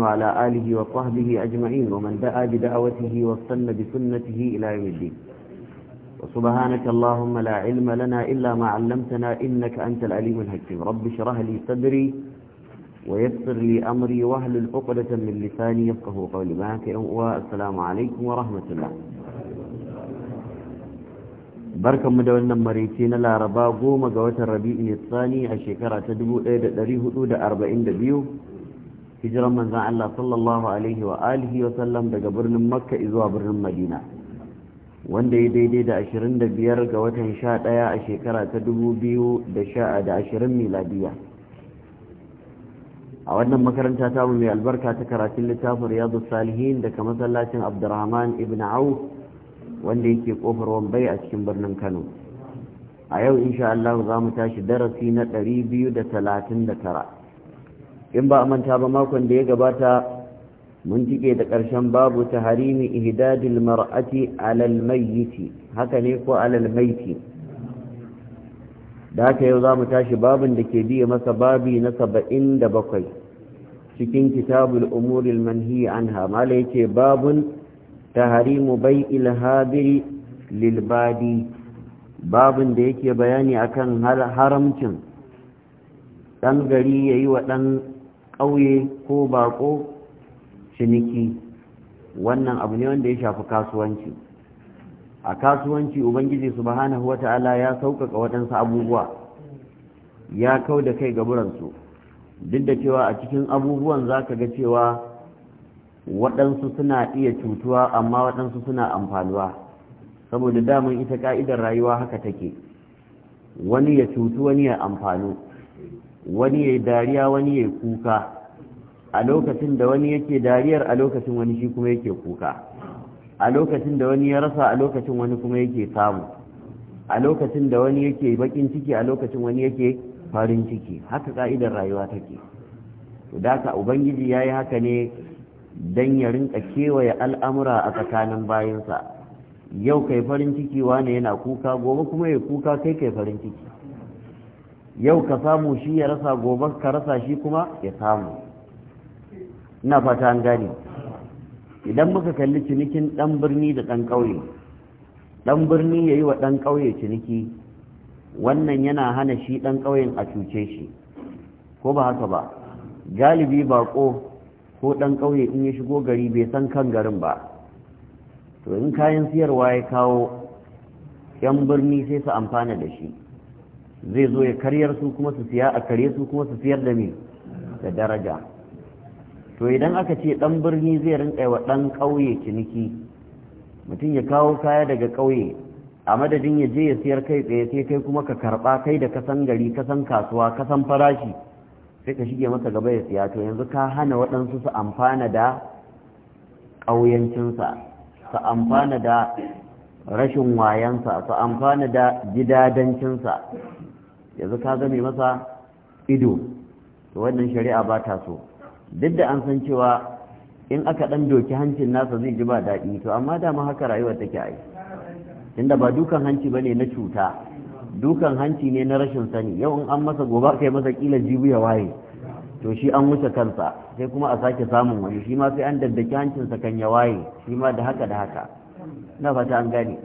وعلى آله وصحبه أجمعين ومن دعا بدعوته واستنى بسنته إلى يوم الدين وسبحانك اللهم لا علم لنا إلا ما علمتنا إنك أنت العليم الحكيم رب اشرح لي صدري ويسر لي أمري واهلل عقدة من لساني يفقه قولي معك والسلام عليكم ورحمة الله barkan mu da wannan maraice na laraba goma ga watan rabi'in tsani a shekara ta 1442 hijiran manzan Allah sallallahu alaihi wa alihi wa sallam daga birnin makka zuwa birnin madina wanda ya daidai da 25 ga watan 11 a shekara ta 2020 miladiya a wannan makaranta ta mai albarka ta karatun littafin riyadu salihin daga masallacin abdurrahman ibn auf wanda yake kofar wambai a cikin birnin kano a yau insha Allah za mu tashi darasi na 239 in ba a manta ba makon da ya gabata mun tike da ƙarshen babu ta harimi ihdadil mar'ati alal mayyiti haka ne ko alal mayyiti da haka yau za mu tashi babin da ke biye masa babi na saba'in da bakwai cikin kitabul umuril manhi anha mala yake babun ta harimu bai ilhabiri lilbadi babin da yake bayani akan haramcin ɗan gari ya yi wa ɗan ƙauye ko baƙo ciniki wannan abu ne wanda ya shafi kasuwanci a kasuwanci ubangiji subhanahu wata'ala ya sauƙaƙa waɗansu abubuwa ya kau da kai gaburansu duk da cewa a cikin abubuwan za ka ga cewa waɗansu suna iya cutuwa amma waɗansu suna amfanuwa saboda daman ita ka'idar rayuwa haka take wani ya cutu wani ya amfanu wani ya dariya wani ya kuka a lokacin da wani yake dariyar a lokacin wani shi kuma yake kuka a lokacin da wani ya rasa a lokacin wani kuma yake samu a lokacin da wani yake bakin ciki a lokacin wani yake farin ciki haka ka'idar rayuwa take to da ubangiji yayi haka ne dan ya rinka kewaye al'amura a tsakanin bayansa yau kai farin ciki wane yana kuka gobe kuma ya kuka kai kai farin ciki yau ka samu shi ya rasa gobe ka rasa shi kuma ya samu ina fata an gane idan muka kalli cinikin dan birni da dan ƙauye dan birni ya yi wa dan ƙauye ciniki wannan yana hana shi dan ƙauyen a cuce shi ko ba haka ba galibi baƙo ko dan ƙauye in ya shigo gari bai san kan garin ba to in kayan siyarwa ya kawo yan birni sai su amfana da shi zai zo ya karyar su kuma su siya a kare su kuma su siyar da me da daraja to idan aka ce dan birni zai rinka wa dan ƙauye ciniki mutum ya kawo kaya daga ƙauye a madadin ya je ya siyar kai tsaye sai kai kuma ka karba kai da kasan gari kasan kasuwa kasan farashi sai ka shige masa gaba ya siya to yanzu ka hana waɗansu su amfana da ƙauyancinsa su amfana da rashin wayansa su amfana da gidadancinsa yanzu ka zame masa ido to wannan shari'a ba ta so duk da an san cewa in aka ɗan doki hancin nasa zai ji ba daɗi to amma da ma haka rayuwar take ai tunda ba dukan hanci bane na cuta dukan hanci ne na rashin sani yau in an masa gobe kai masa kila jibu ya waye to shi an wuce kansa sai kuma a sake samun wani shi ma sai an daddaki hancinsa kan ya waye shi ma da haka da haka na fata an gane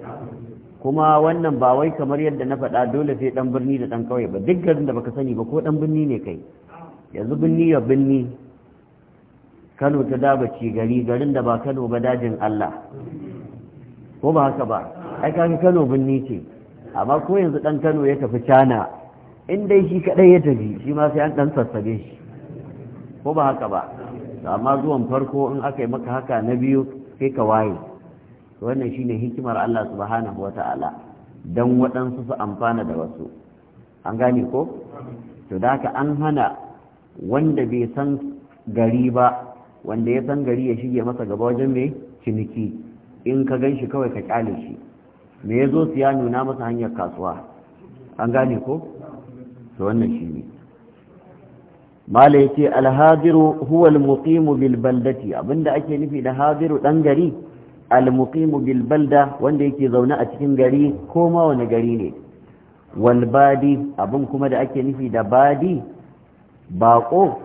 kuma wannan ba wai kamar yadda na faɗa dole sai ɗan birni da ɗan ƙauye ba duk garin da baka sani ba ko ɗan birni ne kai yanzu birni ya birni kano ta dabaci gari garin da ba kano ba dajin allah ko ba haka ba ai kaga kano birni ce amma ko yanzu ɗan kano ya tafi cana in dai shi kaɗai ya tafi shi ma sai an ɗan sassabe shi ko ba haka ba amma zuwan farko in aka yi maka haka na biyu sai ka waye wannan shine hikimar Allah subhanahu wata'ala dan waɗansu su amfana da wasu an gane ko to da an hana wanda bai san gari ba wanda ya san gari ya shige masa gaba wajen mai ciniki in ka gan kawai ka kyale shi me ya zo ya nuna masa hanyar kasuwa an gane ko to wannan shi ne mala ya ce alhaziru huwal muqimu bil baldati abinda ake nufi da haziru dan gari al-muqimu bil balda wanda yake zaune a cikin gari ko ma wani gari ne wal badi abin kuma da ake nufi da badi bako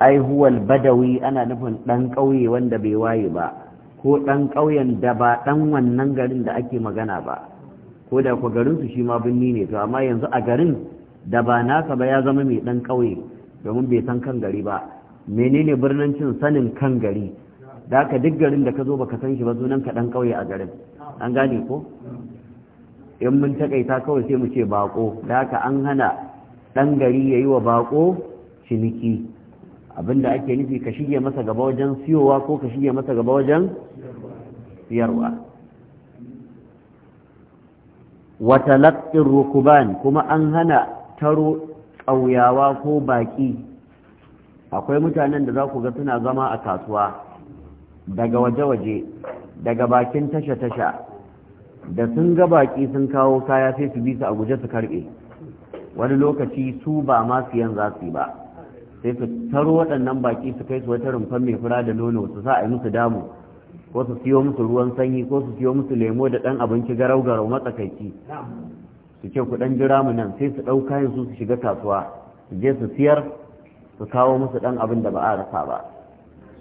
ai huwal badawi ana nufin dan kauye wanda bai waye ba ko dan kauyen da ba dan wannan garin da ake magana ba ko da ku garin su shi ma binni ne to amma yanzu a garin da ba naka ba ya zama mai dan kauye domin bai san kan gari ba menene birnin cin sanin kan gari da aka duk garin da ka zo baka san shi ba sunan ka dan kauye a garin an gane ko in mun takaita kawai sai mu ce bako da aka an hana ɗan gari yayi wa baƙo? ciniki abinda ake nufi ka shige masa gaba wajen siyowa ko ka shige masa gaba wajen siyarwa wata laƙin rukuban kuma an hana taro ƙauyawa ko baƙi akwai mutanen da za ku ga suna zama a kasuwa daga waje-waje daga bakin tasha-tasha da sun ga baki sun kawo kaya sai su bi su a guje su karbe wani lokaci su ba ma siyan za su ba sai su taro waɗannan baki su kai su wata rumfar mai fura da nono su sa a yi musu damu ko su siyo musu ruwan sanyi ko su siyo musu lemo da ɗan abinci garau garau matsakaici su ce ku ɗan jira mu nan sai su ɗau kayan su su shiga kasuwa su je su siyar su kawo musu ɗan abin da ba a rasa ba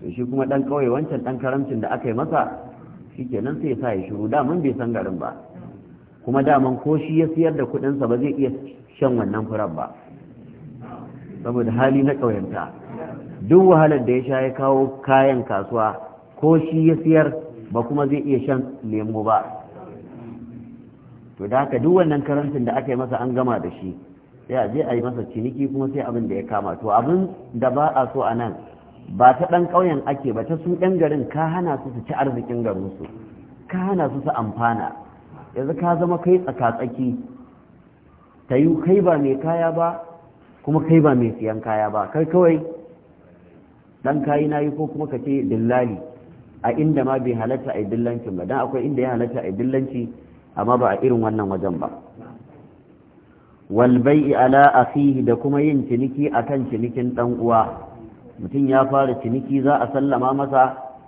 to shi kuma dan kauye wancan dan karamcin da aka yi masa shikenan sai ya sa ya shiru daman bai san garin ba kuma daman ko shi ya siyar da kudin sa ba zai iya shan wannan furar ba saboda hali na ƙauyanta duk wahalar da ya sha ya kawo kayan kasuwa ko shi ya siyar ba kuma zai iya shan lemo ba to da haka duk wannan karantin da aka yi masa an gama da shi sai a je a yi masa ciniki kuma sai abin da ya kama to abin da ba a so a nan ba ta ɗan ƙauyen ake ba ta sun ɗan garin ka hana su su ci arzikin garinsu ka hana su su amfana yanzu ka zama kai tsakatsaki ta yi kai ba mai kaya ba kuma kai ba mai siyan kaya ba kai kawai ɗan kayi na yi ko kuma ka ce dillali a inda ma bai halatta a dillancin ba don akwai inda ya halatta a dillanci amma ba a irin wannan wajen ba walbai ala a da kuma yin ciniki akan cinikin ɗan uwa mutum ya fara ciniki za a sallama masa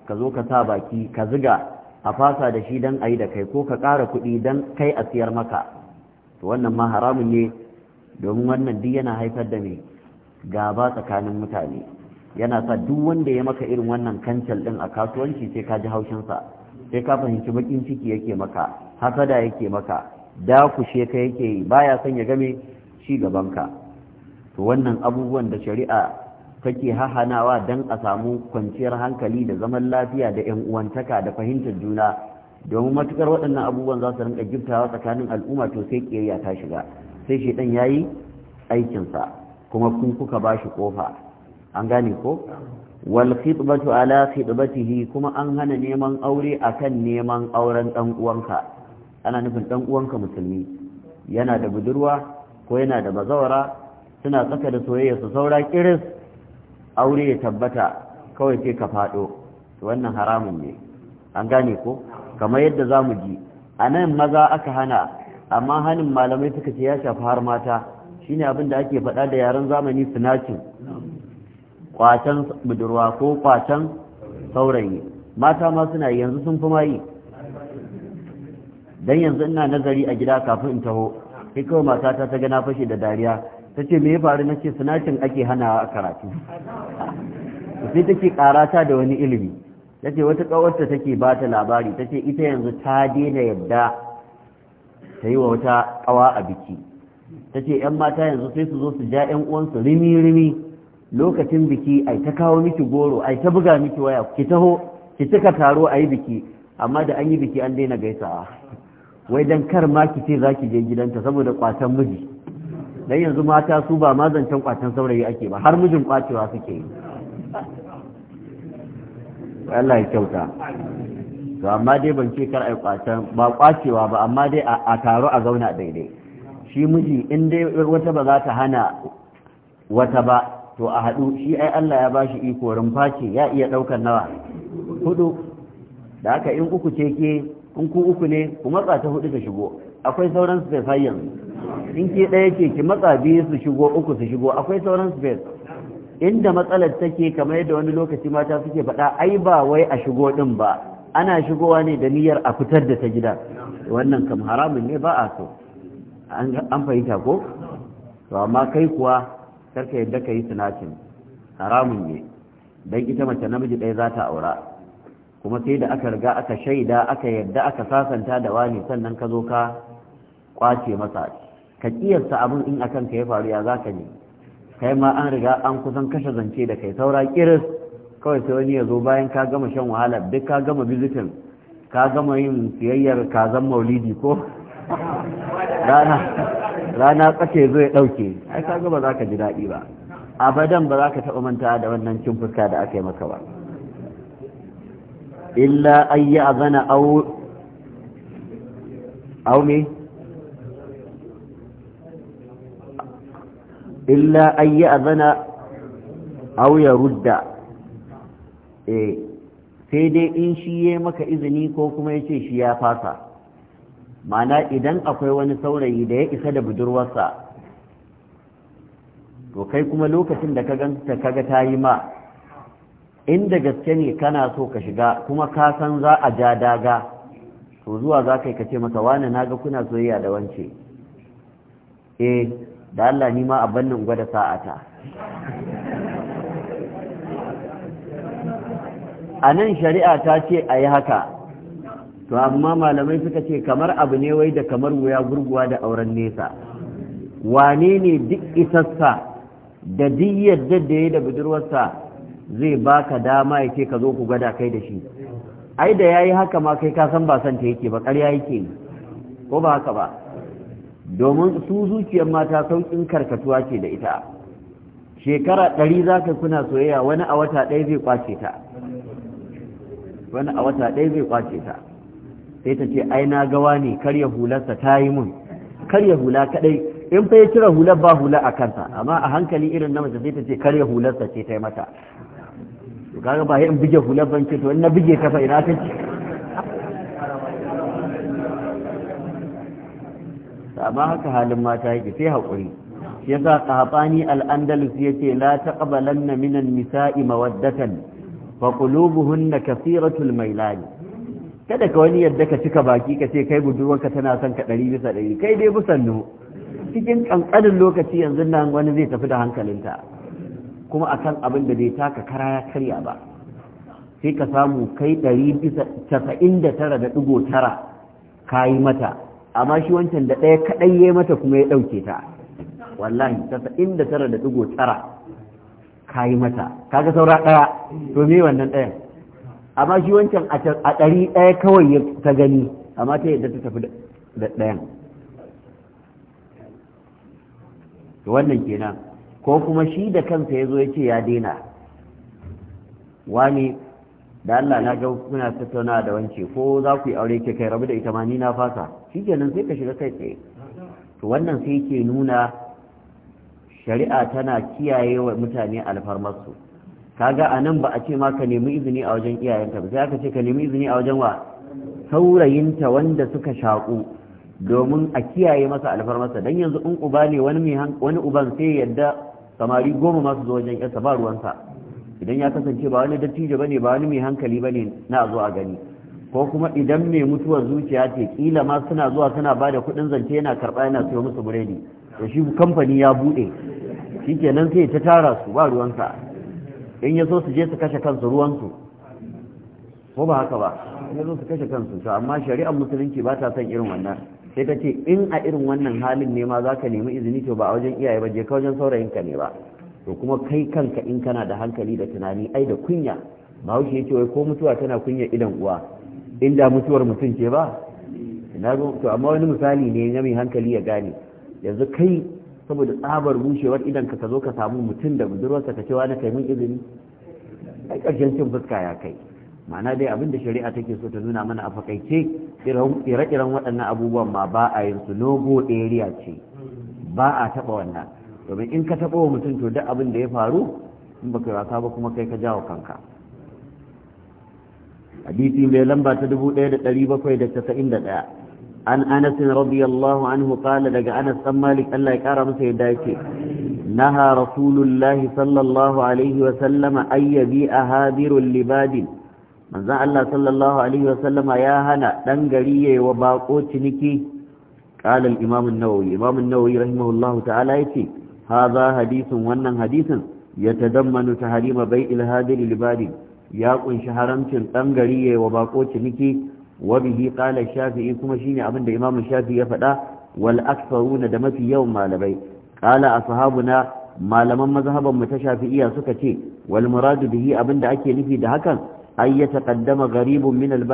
ka zo ka sa baki ka ziga a fasa da shi don a yi da kai ko ka ƙara kuɗi don kai a siyar maka to wannan ma haramun ne domin wannan duk yana haifar da mai gaba tsakanin mutane yana sa duk wanda ya maka irin wannan kancal ɗin a kasuwanci sai ka ji haushinsa sai ka fahimci bakin ciki yake maka hasada yake maka dakushe ka yake yi baya son ya game ci gabanka to wannan abubuwan da shari'a kake hahanawa don a samu kwanciyar hankali da zaman lafiya da yan uwantaka da fahimtar juna domin matukar waɗannan abubuwan za su rinka giftawa tsakanin al'umma to sai kiyayya ta shiga sai shedan yayi aikinsa kuma kun kuka bashi kofa an gane ko wal khitbatu ala khitbatihi kuma an hana neman aure akan neman auren dan uwanka ana nufin ɗan uwanka musulmi yana da budurwa ko yana da bazawara suna tsaka da soyayya su saura kiris aure ya tabbata kawai sai ka faɗo to wannan haramun ne an gane ko kamar yadda za mu ji a nan maza aka hana amma hanin malamai suka ce ya shafi har mata shine abin da ake faɗa da yaren zamani sinacin kwacen budurwa ko kwacen saurayi mata ma suna yanzu sun fi mayi dan yanzu ina nazari a gida kafin in taho sai kawai matata ta ga na fashe da dariya ta ce me ya faru na ce sinacin ake hanawa a karatu sai take karata da wani ilimi ta ce wata ƙawarta take ba ta labari ta ce ita yanzu ta daina yadda ta yi wa wata kawa a biki ta ce 'yan mata yanzu sai su zo su ja 'yan uwansu rimi-rimi lokacin biki ai ta kawo miki goro ai ta buga miki waya ki taho ki cika taro ayi biki amma da an yi biki an daina gaisawa wai dan kar ma ki ce za ki je gidanta saboda kwatan miji dan yanzu mata su ba ma zancen kwacen saurayi ake ba har mijin kwacewa suke yi Allah ya kyauta to amma dai ban ce kar ai kwacen ba kwacewa ba amma dai a taro a zauna daidai shi miji in dai wata ba za ta hana wata ba to a haɗu shi ai Allah ya bashi iko rumfa ce ya iya ɗaukar nawa hudu da haka in uku ce ke in ku uku ne ku matsa ta hudu ka shigo akwai sauran su sai yanzu in ke ɗaya ke ki matsa biyu su shigo uku su shigo akwai sauran space inda matsalar take kamar yadda wani lokaci mata suke faɗa ai ba wai a shigo ɗin ba ana shigowa ne da niyyar a fitar da ta gida wannan kam haramun ne ba a so an fahimta ko to amma kai kuwa karka yadda ka yi sinacin haramun ne don ita mace namiji ɗaya za ta aura kuma sai da aka riga aka shaida aka yadda aka sasanta da wani sannan ka zo ka kwace masa ka kiyarsa abin in akan ka ya faru ya zaka ne kai ma an riga an kusan kashe zance da kai saura kiris kawai sai wani ya zo bayan ka gama shan wahala duk ka gama bizitin ka gama yin siyayyar kazan maulidi ko rana rana tsake zo ya ɗauke ai ka gaba za ka ji daɗi ba abadan ba za ka taɓa manta da wannan cin fuska da aka yi maka ba illa ayya azana au au illa ayi azana au ya rudda sai dai in shi ya maka izini ko kuma ya ce shi ya fasa mana idan akwai wani saurayi da ya isa da budurwarsa to kai kuma lokacin da ka ganta kaga ta yi ma da gaske ne kana so ka shiga kuma ka san za a ja daga to zuwa za ka yi ka ce masa wane na ga kuna soyayya da wance eh da Allah ni ma abin nan gwada sa'ata a nan shari'a ta ce a yi haka to amma malamai suka ce kamar abu ne wai da kamar wuya gurguwa da auren nesa wane ne duk isassa da duk yadda da ya da budurwarsa zai baka dama ya ce ka zo ku gwada kai da shi ai da ya yi haka ma kai ka san ba san ta yake ba ƙarya yake ko ba haka ba domin su zuciyar mata saukin karkatuwa ce da ita shekara ɗari za ka kuna soyayya wani a wata ɗaya zai kwace ta wani a wata ɗaya zai kwace ta sai ta ce ai na gawa ne karya hularsa ta yi mun karya hula kaɗai in fa ya cire hular ba hula a kansa amma a hankali irin na mace sai ta ce karya hularsa ce ta yi mata kaga ba in bige hular ban ce to in na bige ta fa ina ta ce amma haka halin mata yake sai haƙuri shi yasa qahtani al-andalus yace la taqbalanna min an-nisa'i mawaddatan fa qulubuhunna mai mailan kada ka wani yadda ka cika baki ka ce kai budurwarka tana son ka ɗari bisa ɗari kai dai busannu cikin ƙanƙanin lokaci yanzu nan wani zai tafi da hankalinta kuma akan abin da bai taka kara ya karya ba sai ka samu kai ɗari bisa casa'in da tara da ɗigo tara ka yi mata amma shi wancan da ɗaya kaɗai ya mata kuma ya ɗauke ta wallahi tasa'in da tara da ɗigo tara ka yi mata kaga saura ɗaya to me wannan ɗayan amma shi wancan a ɗari ɗaya kawai ya ta gani amma ta yadda ta tafi da ɗayan to wannan kenan ko kuma shi da kansa ya zo ya ce ya daina wani da Allah na ga kuna tattaunawa da wance ko za ku yi aure ke kai rabu da ita ma ni na fasa shi nan sai ka shiga kai tsaye to wannan sai ke nuna shari'a tana kiyaye wa mutane alfarmarsu kaga a nan ba a ce ma ka nemi izini a wajen iyayenka ba sai aka ce ka nemi izini a wajen wa saurayinta wanda suka shaƙu domin a kiyaye masa alfarmarsa don yanzu in uba ne wani uban sai yadda samari goma masu zo wajen yarsa ba ruwansa idan ya kasance ba wani dattijo bane ba wani mai hankali bane na zo a gani ko kuma idan mai mutuwar zuciya ce kila ma suna zuwa suna ba da kuɗin zance yana karɓa yana siyo musu buredi to shi kamfani ya buɗe shikenan sai ta tara su ba ruwansa in ya so su je su kashe kansu ruwansu ko ba haka ba ya zo su kashe kansu to amma shari'ar musulunci ba ta son irin wannan sai ta ce in a irin wannan halin ne ma za ka nemi izini to ba a wajen iyaye ba je ka wajen saurayinka ne ba to kuma kai kanka in kana da hankali da tunani ai da kunya ba bahaushe yake wai ko mutuwa tana kunya idan uwa inda mutuwar mutum ce ba ina to amma wani misali ne na mai hankali ya gane yanzu kai saboda tsabar bushewar idan ka zo ka samu mutum da budurwarsa ka cewa na kai mun izini ai ƙarshen cin fuska ya kai ma'ana dai abin da shari'a take so ta nuna mana a fakaice ire-iren waɗannan abubuwan ma ba a yin su no logo area ce ba a taɓa wannan domin in ka taɓa wa mutum to duk abin da ya faru in baka wasa ba kuma kai ka jawo kanka hadisi mai lamba ta 1791 an anas radiyallahu anhu qala daga anas dan malik Allah ya kara masa yadda yake naha rasulullah sallallahu alaihi wa sallama ayyabi ahadirul libadin manzon Allah sallallahu alaihi wa sallama ya hana dan gari yayi wa bako ciniki قال الإمام النووي الإمام النووي رحمه الله تعالى يتي haza hadisin wannan hadisin ya tadammanu taharima bai'il hadir libari ya ƙunshi haramcin dan gari yayi wa bako ciniki wabihi bihi shafi'i kuma shine abin da imamu shafi'i ya faɗa wal aktharuna da mafi yawan malamai qala ashabuna malaman mazhaban mu ta shafi'iya suka ce wal muradu bihi abin da ake nufi da hakan ay ya taqaddama gharibun min al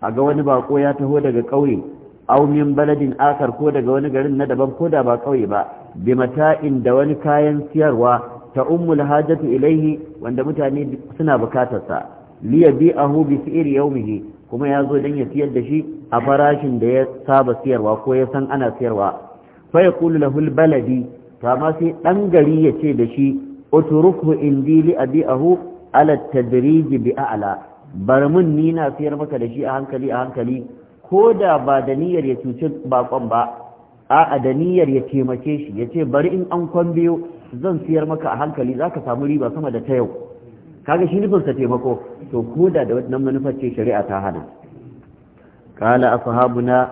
a ga wani baƙo ya taho daga ƙauye, aw min baladin akar ko daga wani garin na daban ko da ba ƙauye ba bimatain da wani kayan siyarwa ta ummul hajatu ilaihi wanda mutane suna bukatar sa li yabi'ahu bi si'ir yawmihi kuma ya zo dan ya siyar da shi a farashin da ya saba siyarwa ko ya san ana siyarwa fa yaqulu lahu baladi fa ma sai dan gari ya ce da shi uturukhu indi li abi'ahu ala tadriji bi a'la bar mun ni na siyar maka da shi a hankali a hankali ko da ba da niyyar ya cuci bakon ba a'a da niyyar ya taimake shi ya ce bari in an kwan biyo zan siyar maka a hankali za ka samu riba sama da ta yau kaga shi nufinsa taimako to koda da wannan manufar ce shari'a ta hana kala ashabuna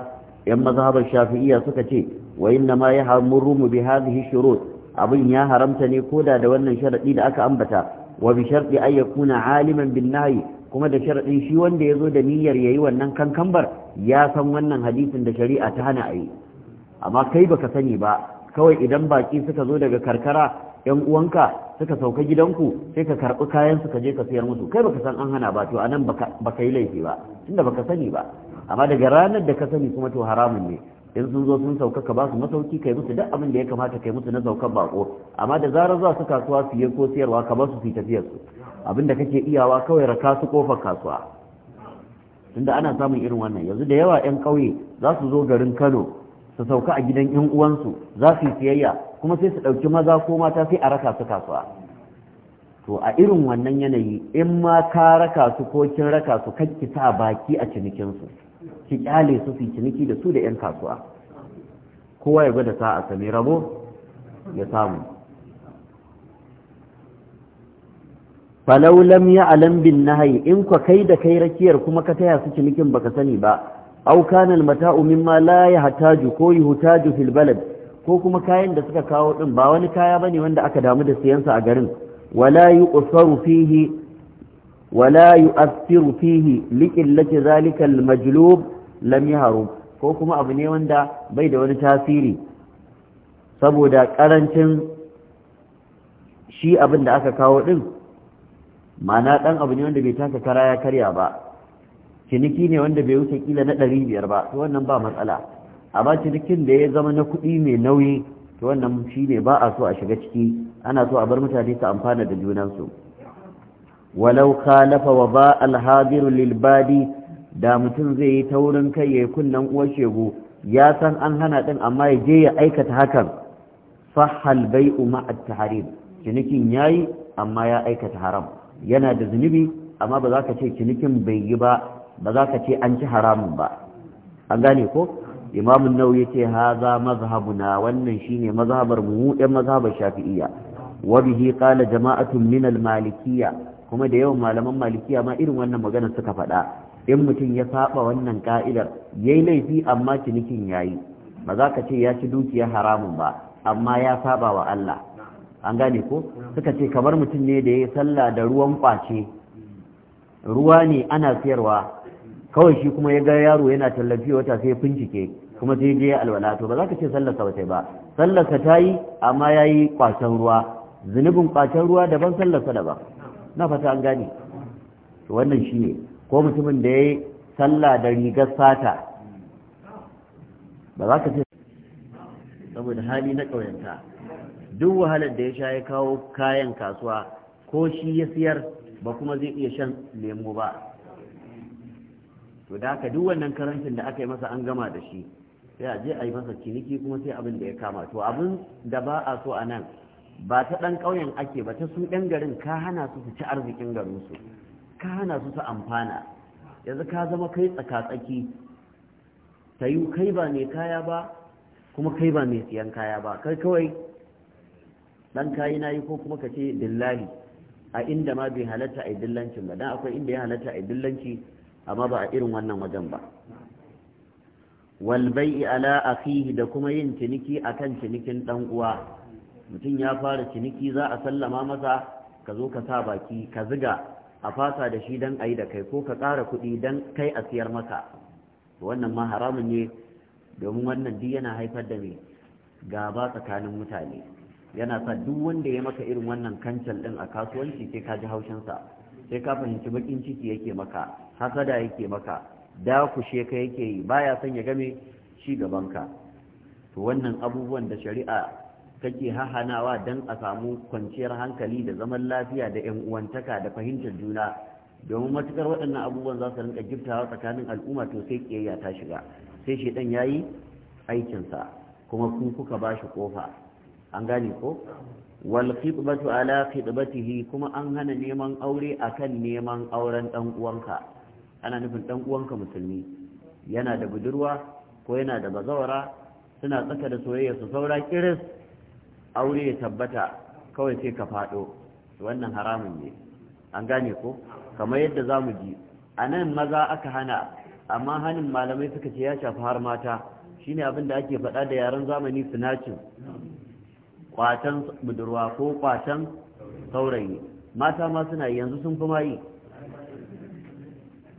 yan mazhabar shafi'iyya suka ce wa inna ma yahmuru mu bi hadhihi shurut abin ya haramta ne koda da wannan sharadi da aka ambata wa bi sharti ay yakuna aliman bin nahi kuma da sharadin shi wanda yazo da niyyar yayi wannan kankambar ya san wannan hadisin da shari'a ta hana ayi amma kai baka sani ba kawai idan baki suka zo daga karkara yan uwanka suka sauka gidanku sai ka karɓi kayan suka je ka sayar musu kai baka san an hana ba to anan baka yi laifi ba tunda baka sani ba amma daga ranar da ka sani kuma to haramun ne in sun zo sun sauka ka ba su masauki kai musu duk abin da ya kamata kai musu na saukan bako amma da zarar za su kasuwa su ko sayarwa ka ba su fi tafiyar su abin kake iyawa kawai raka su kofar kasuwa tunda ana samun irin wannan yanzu da yawa yan ƙauye za su zo garin Kano su sauka a gidan yan uwansu za su yi siyayya kuma sai su ɗauki maza ko mata sai a raka su kasuwa to a irin wannan yanayi in ma ka raka su ko kin raka su ki sa baki a cinikinsu ki kyale su su ciniki da su da yan kasuwa kowa ya gwada a sami rabo ya samu falau lam ya alam bin nahyi in ka kai da kai rakiyar kuma ka taya su cinikin baka sani ba aw kana almata'u mimma la yahtaju ko yuhtaju fil balad ko kuma kayan da suka kawo din ba wani kaya bane wanda aka damu da siyansa a garin wala yuqsaru fihi wala yu'athiru fihi liqillati zalika almajlub lam yahrum ko kuma abu ne wanda bai da wani tasiri saboda karancin shi abin da aka kawo din ma'ana dan abu ne wanda bai taka kara ya karya ba ciniki ne wanda bai wuce kila na ɗari biyar ba to wannan ba matsala amma cinikin da ya zama na kuɗi mai nauyi to wannan shi ne ba a so a shiga ciki ana so a bar mutane su amfana da junansu walau khalafa wa ba alhadir lil badi da mutum zai yi taurin kai ya yi kunnen uwar shegu ya san an hana din amma ya je ya aikata hakan fahal bai'u at tahrim cinikin yayi amma ya aikata haram yana da zunubi amma ba za ka ce cinikin bai yi ba ba za ka ce an ci haramun ba an gane ko imamun nau ya ce haza na wannan shine mazhabar mu ɗan mazhabar shafi'iyya wa bihi kala jama'atun min malikiya kuma da yawan malaman malikiya ma irin wannan magana suka faɗa in mutum ya saba wannan ka'idar yayi laifi amma cinikin yayi ba za ka ce ya ci dukiya haramun ba amma ya saba wa Allah an gane ko suka ce kamar mutum ne da ya yi sallah da ruwan kwace ruwa ne ana sayarwa. kawai shi kuma ya ga yaro yana tallafi wata sai ya bincike kuma sai je ya alwala to ba za ka ce sallarsa ba sai ba sallarsa ta yi amma ya yi kwacen ruwa zunubin kwacen ruwa daban sallarsa daban na fata an gane wannan shi ne ko mutumin da ya yi sallah da rigar sata ba za ka ce saboda hali na ƙauyanta duk wahalar da ya sha ya kawo kayan kasuwa ko shi ya siyar ba kuma zai iya shan lemu ba to da haka duk wannan karancin da aka yi masa an gama da shi sai a je a yi masa ciniki kuma sai abin da ya kama to abin da ba a so a nan ba ta ɗan ƙauyen ake ba ta su ɗan garin ka hana su su ci arzikin su ka hana su su amfana yanzu ka zama kai tsaka-tsaki ta yi kai ba mai kaya ba kuma kai ba mai siyan kaya ba kai kawai ɗan kayi na yi ko kuma ka ce dillali a inda ma bai halatta a dillancin ba don akwai inda ya halatta a dillanci amma ba a irin wannan wajen ba walbai ala akhihi da kuma yin ciniki akan cinikin ɗan uwa mutum ya fara ciniki za a sallama masa ka zo ka sa baki ka ziga a fasa da shi dan ayi da kai ko ka kara kuɗi dan kai a siyar maka wannan ma haramun ne domin wannan duk yana haifar da mai gaba tsakanin mutane yana sa duk wanda ya maka irin wannan kancal din a kasuwanci sai ka ji haushinsa sai ka fahimci bakin ciki yake maka hasada yake maka dakushe ka yake yi baya son ya game ci gabanka to wannan abubuwan da shari'a kake hahanawa don a samu kwanciyar hankali da zaman lafiya da yan uwantaka da fahimtar juna domin matukar waɗannan abubuwan za su rinka giftawa tsakanin al'umma to sai kiyayya ta shiga sai shi ya yayi aikinsa kuma kun kuka bashi kofa an gane ko wal khitbatu ala khitbatihi kuma an hana neman aure akan neman auren dan uwanka ana nufin dan uwanka musulmi yana da budurwa ko yana da bazawara suna tsaka da soyayya su saura kiris aure ya tabbata kawai sai ka fado wannan haramun ne an gane ko kamar yadda zamu ji a nan maza aka hana amma hanin malamai suka ce ya shafi har mata shine abin da ake faɗa da yaren zamani sinacin kwatan budurwa ko kwatan saurayi mata ma suna yanzu sun fi mayi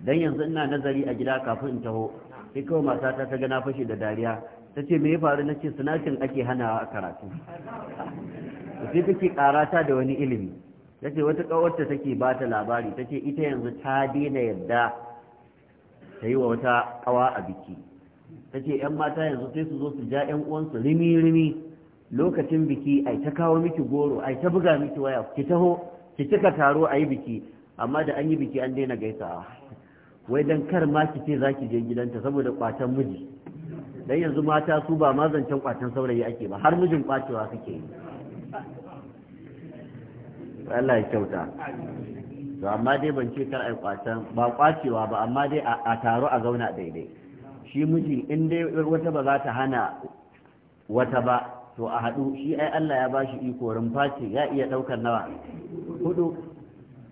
dan yanzu ina nazari a gida kafin in taho sai kawai matata ta ga na fashe da dariya ta ce me ya faru na ce sinacin ake hanawa a karatu sai take karata da wani ilimi ta ce wata kawarta take ba ta labari ta ce ita yanzu ta daina yadda ta yi wa wata kawa a biki ta ce 'yan mata yanzu sai su zo su ja 'yan uwansu rimi-rimi lokacin biki ai ta kawo miki goro ai ta buga miki waya ki taho ki cika taro ayi biki amma da an yi biki an daina gaisawa wai dan kar ma ki ce zaki je gidanta saboda kwatan miji dan yanzu mata su ba ma zancen kwatan saurayi ake ba har mijin kwacewa suke yi Allah ya kyauta to amma dai ban ce kar ai kwatan ba kwacewa ba amma dai a taro a zauna daidai shi miji in dai wata ba za ta hana wata ba to a haɗu shi ai Allah ya ba shi iko rumfa ce ya iya ɗaukar nawa hudu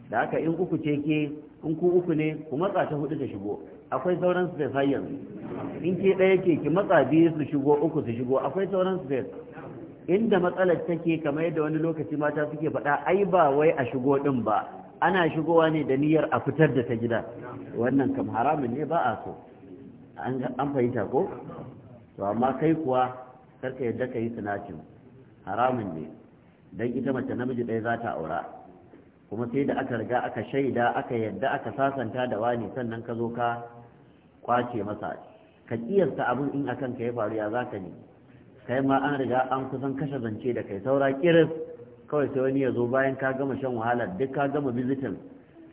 da aka in uku ce ke in ku uku ne ku matsa ta hudu ta shigo akwai sauran su sai yanzu in ke ɗaya ke ki matsa biyu su shigo uku su shigo akwai sauran su inda matsalar take kamar yadda wani lokaci mata suke faɗa ai ba wai a shigo ɗin ba ana shigowa ne da niyyar a fitar da ta gida wannan kam haramun ne ba a so an fahimta ko to amma kai kuwa karka yadda ka yi sinacin haramun ne don ita mace namiji ɗaya za ta aura kuma sai da aka riga aka shaida aka yadda aka sasanta da wani sannan ka zo ka kwace masa ka kiyasta abin in akan ka ya faru ya zaka ne kai ma an riga an kusan kashe zance da kai saura kiris kawai sai wani ya zo bayan ka gama shan wahala duk ka gama bizitin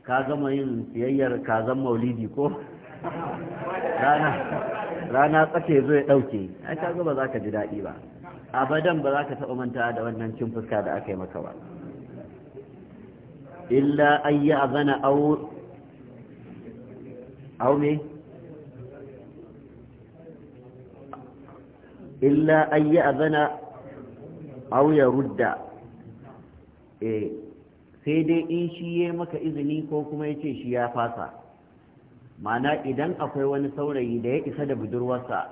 ka gama yin siyayyar kazan maulidi ko rana rana tsake zo ya ɗauke ai ka ga ba za ka ji daɗi ba abadan ba za ka taɓa manta da wannan cin fuska da aka yi maka ba illa an yi azana au me illa an azana au ya rudda eh, sai dai in shi ya maka izini ko kuma ya ce shi ya fasa mana idan akwai wani saurayi da ya isa da budurwarsa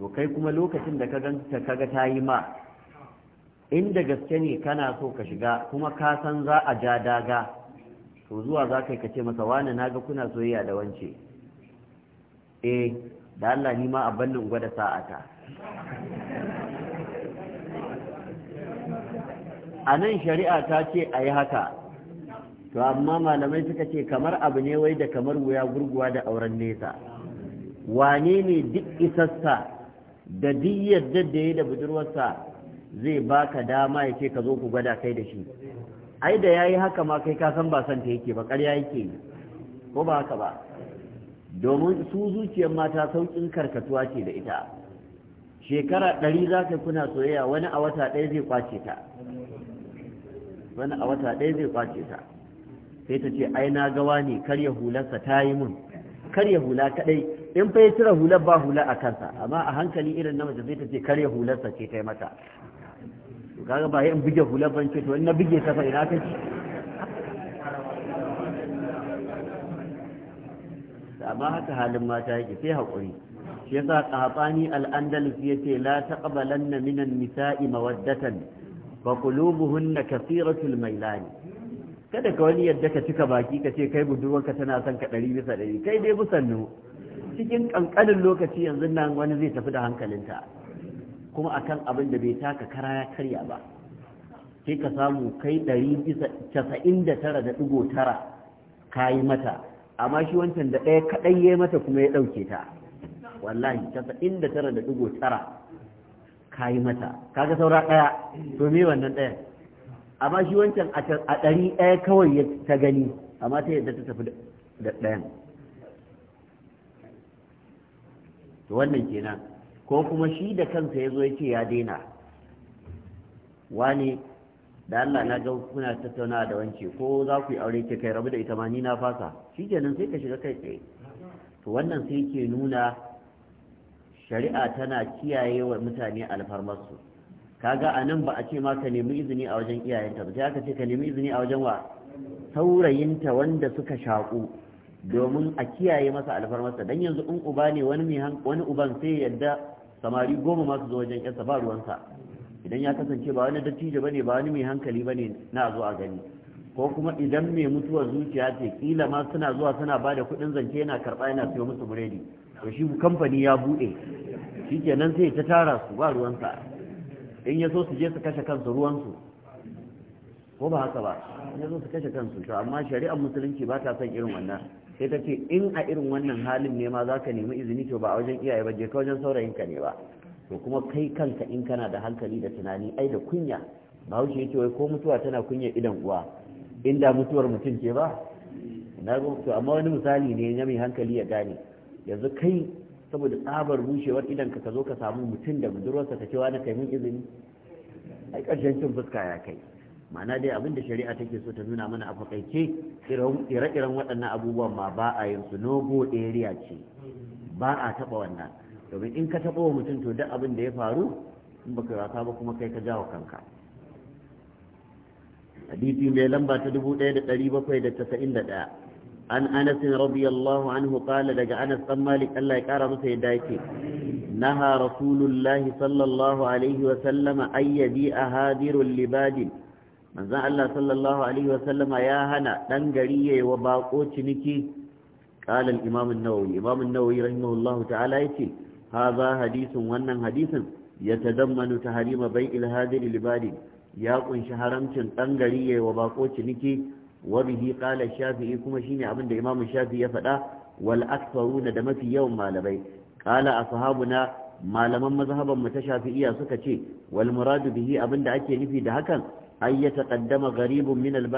to kai kuma lokacin da ka ganta kaga ta yi ma inda gaske ne kana so ka shiga kuma ka san za a ja daga to zuwa za ka yi ka ce masa wani na ga kuna soyayya da wance eh da Allah ni ma a nan gwada sa'ata a nan shari'a ta ce a yi haka to amma malamai suka ce kamar abu ne wai da kamar wuya gurguwa da auren nesa wane ne duk isassa da duk yadda da ya da budurwarsa zai baka dama ya ce ka zo ku gwada kai da shi ai da ya yi haka ma kai ka san ba san ta yake ba ƙarya yake yi ko ba haka ba domin su zuciyar mata saukin karkatuwa ce da ita shekara ɗari za ka kuna soyayya wani a wata ɗaya zai kwace wani a wata ɗaya zai kwace ta sai ta ce ai na gawa ne karya hularsa ta yi mun karya hula kadai in fa ya cire hular ba hula a kansa amma a hankali irin na mace sai ta ce karya hularsa ce ta yi mata to kaga ba in buge hular ban ce to in na buge ta fa ina ta ci amma haka halin mata yake sai haƙuri shi yasa qahtani al-andalus yace la taqbalanna minan nisa'i mawaddatan fa qulubuhunna kathiratul mailani kada ka wani yadda ka cika baki ka ce kai budurwarka tana son ka ɗari bisa ɗari kai dai nu cikin ƙanƙanin lokaci yanzu nan wani zai tafi da hankalinta kuma akan abin da bai taka kara ya karya ba sai ka samu kai ɗari bisa casa'in da tara da ɗigo tara ka yi mata amma shi wancan da ɗaya kaɗai ya yi mata kuma ya ɗauke ta wallahi casa'in da tara da ɗigo tara ka yi mata kaga saura ɗaya to me wannan ɗayan amma shi wancan a ɗari ɗaya kawai ya ta gani amma ta yadda ta tafi da ɗayan to wannan kenan ko kuma shi da kansa ya zo ya ce ya daina wane da Allah na ga kuna tattauna da wance ko za ku yi aure ke kai rabu da ita ma ni na fasa shi kenan sai ka shiga kai tsaye to wannan sai ke nuna shari'a tana kiyaye wa mutane alfarmarsu kaga a nan ba a ce ma ka nemi izini a wajen iyayenta ba sai aka ce ka nemi izini a wajen wa saurayinta wanda suka shaku domin a kiyaye masa alfarmarsa dan yanzu in uba ne wani uban sai yadda samari goma masu zo wajen yarsa ba ruwansa idan ya kasance ba wani dattijo bane ba wani mai hankali bane na zo a gani ko kuma idan mai mutuwar zuciya ce kila ma suna zuwa suna ba da kuɗin zance yana karɓa yana siyo musu buredi to shi kamfani ya buɗe kenan sai ta tara su ba ruwansa in ya so su je su kashe kansu ruwansu ko ba haka ba in ya su kashe kansu to amma shari'ar musulunci ba ta son irin wannan sai ta ce in a irin wannan halin ne ma za ka nemi izini to ba a wajen iyaye ba je ka wajen saurayinka ne ba to kuma kai kanka in kana da hankali da tunani ai da kunya bahaushe ya ce wai ko mutuwa tana kunya idan uwa inda mutuwar mutum ce ba na to amma wani misali ne na mai hankali ya gane yanzu kai saboda tsabar bushewar idan ka zo ka samu mutum da budurwarsa ka cewa na kai min izini ai ƙarshen cin fuska ya kai ma'ana dai abin da shari'a take so ta nuna mana a fakaice ire-iren waɗannan abubuwan ma ba a yin su nogo area ce ba a taɓa wannan domin in ka taɓa wa mutum to duk abin da ya faru in ba ka wasa ba kuma kai ka jawo kanka hadisi mai lamba ta ɗaya. an anas radiyallahu anhu qala daga anas dan malik Allah ya kara masa yadda yake naha rasulullahi sallallahu alaihi wa sallama a ahadirul libadin manzon Allah sallallahu alaihi wa sallama ya hana dan gari ya yi wa bako ciniki qala al-imam an-nawawi imam an-nawawi rahimahullahu ta'ala yace hadha hadithun wannan hadithin ta tahrima bai ilhadirin libadin ya kunshi haramcin dan gari ya yi wa bako ciniki wa bihi qala shafi'i kuma shine abin da imamu shafi'i ya faɗa wal aktharuna da mafi yawan malamai qala ashabuna malaman mazhaban mu ta shafi'iya suka ce wal muradu bihi abin da ake nufi da hakan ay yataqaddama gharibun min al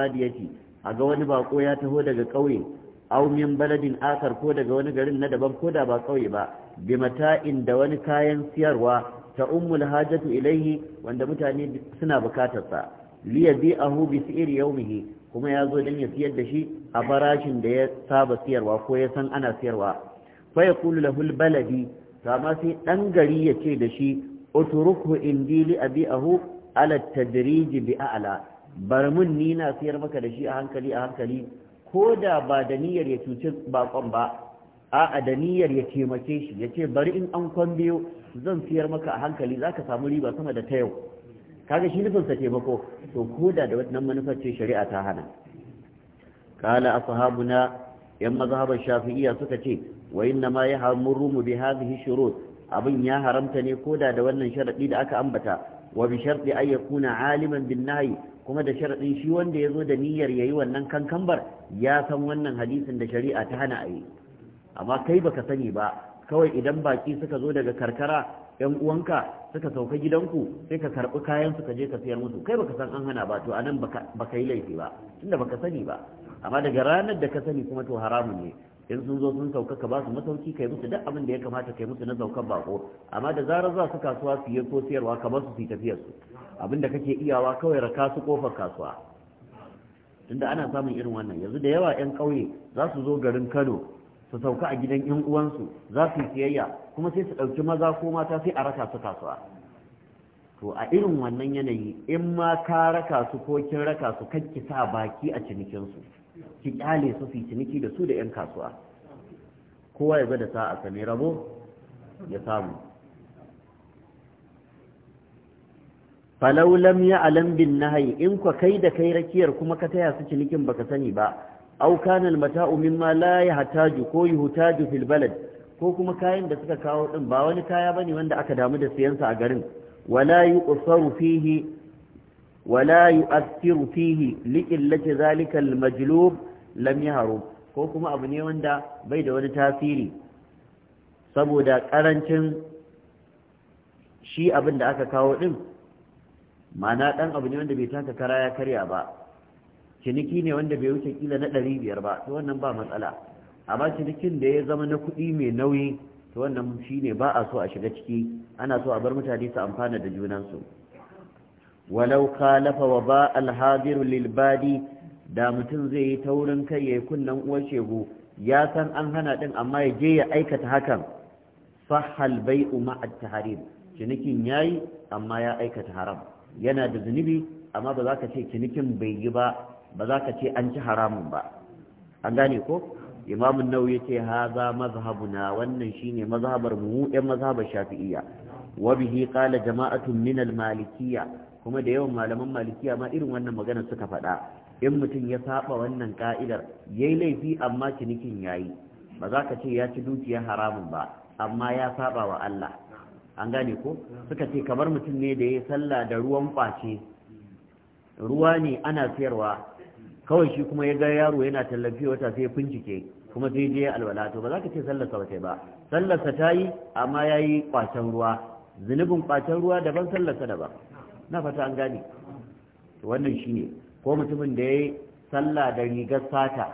A ga wani bako ya taho daga ƙauye Aumin min baladin akar ko daga wani garin na daban ko da ba ƙauye ba bi mata'in da wani kayan siyarwa ta ummul hajatu ilaihi wanda mutane suna bukatar sa li yabi'ahu bi si'ir yawmihi kuma ya zo don ya siyar da shi a farashin da ya saba siyarwa ko ya san ana siyarwa fa ya kulu lahul baladi to sai ɗan gari ya ce da shi uturuku indi li abi'ahu ala tadriji bi a'la bar mun ni na siyar maka da shi a hankali a hankali ko da ba da niyyar ya cuci bakon ba a'a da niyyar ya taimake shi ya ce bari in an kwambiyo zan siyar maka a hankali zaka samu riba sama da ta yau kaga shi nufin sa taimako to koda da wannan manufar ce shari'a ta hana qala ashabuna yan mazhabar shafi'iyya suka ce wa inna ma yahmuru bi hadhihi shurut abin ya haramta ne koda da wannan sharadi da aka ambata wa bi sharti ay yakuna aliman bin nahi kuma da sharadin shi wanda yazo da niyyar yayi wannan kankambar ya san wannan hadisin da shari'a ta hana ayi amma kai baka sani ba kawai idan baki suka zo daga karkara yan uwanka suka sauka gidanku sai ka karɓi kayan suka ka je ka sayar musu kai baka san an hana ba to anan baka yi laifi ba tunda baka sani ba amma daga ranar da ka sani kuma to haramun ne in sun zo sun sauka ka basu masauki kai musu duk abin da ya kamata kai musu na saukan bako amma da zarar za su kasuwa su ko sayarwa ka ba su su tafiyar su abin da kake iyawa kawai raka su kofar kasuwa tunda ana samun irin wannan yanzu da yawa yan kauye za su zo garin Kano su sauka a gidan yan uwansu za su yi siyayya kuma sai su ɗauki maza ko mata sai a raka su kasuwa to a irin wannan yanayi in ma ka raka su ko kin raka su kan ki sa baki a cinikinsu ki kyale su su ciniki da su da 'yan kasuwa kowa ya gwada sa'a sami rabo ya samu falaulam ya alam bin in ka kai da kai rakiyar kuma ka taya su cinikin baka sani ba Aukanal mata, al mata'u mimma la ko yuhtaju fil balad ko kuma kayan da suka kawo ɗin ba wani kaya bane wanda aka damu da siyansa a garin wala yuqsaru fihi wala yu'athiru fihi liqillati zalika almajlub lam yahrum ko kuma abu ne wanda bai da wani tasiri saboda karancin shi abin da aka kawo din ma'ana dan abu ne wanda bai taka kara ya karya ba ciniki ne wanda bai wuce kila na ɗari biyar ba to wannan ba matsala amma cinikin da ya zama na kuɗi mai nauyi to wannan shine ba a so a shiga ciki ana so a bar mutane su amfana da junansu walau khalafa wa ba alhadiru lilbadi da mutum zai yi taurin kai yayi kunnan uwar shegu ya san an hana din amma ya je ya aikata hakan sahal bai ma at-tahrim cinikin yayi amma ya aikata haram yana da zunubi amma ba za ka ce cinikin bai yi ba ba za ka ce an ci haramun ba an gane ko imam an-nawawi yace haza mazhabuna wannan shine mazhabar mu ɗan mazhabar shafi'iyya wa bihi qala jama'atun min al-malikiyya kuma da yawan malaman malikiya ma irin wannan magana suka faɗa in mutum ya saba wannan ka'idar yayi laifi amma cinikin yayi ba za ka ce ya ci dukiyar haramun ba amma ya saba wa Allah an gane ko suka ce kamar mutum ne da ya sallah da ruwan kwace ruwa ne ana sayarwa. kawai shi kuma ya ga yaro yana tallafi wata sai ya bincike kuma sai je alwala to ba za ka ce sallarsa ba sai ba sallarsa ta yi amma ya yi kwacen ruwa zunubin kwacen ruwa daban sallarsa daban na fata an gane wannan shine ko mutumin da ya yi sallah da rigar sata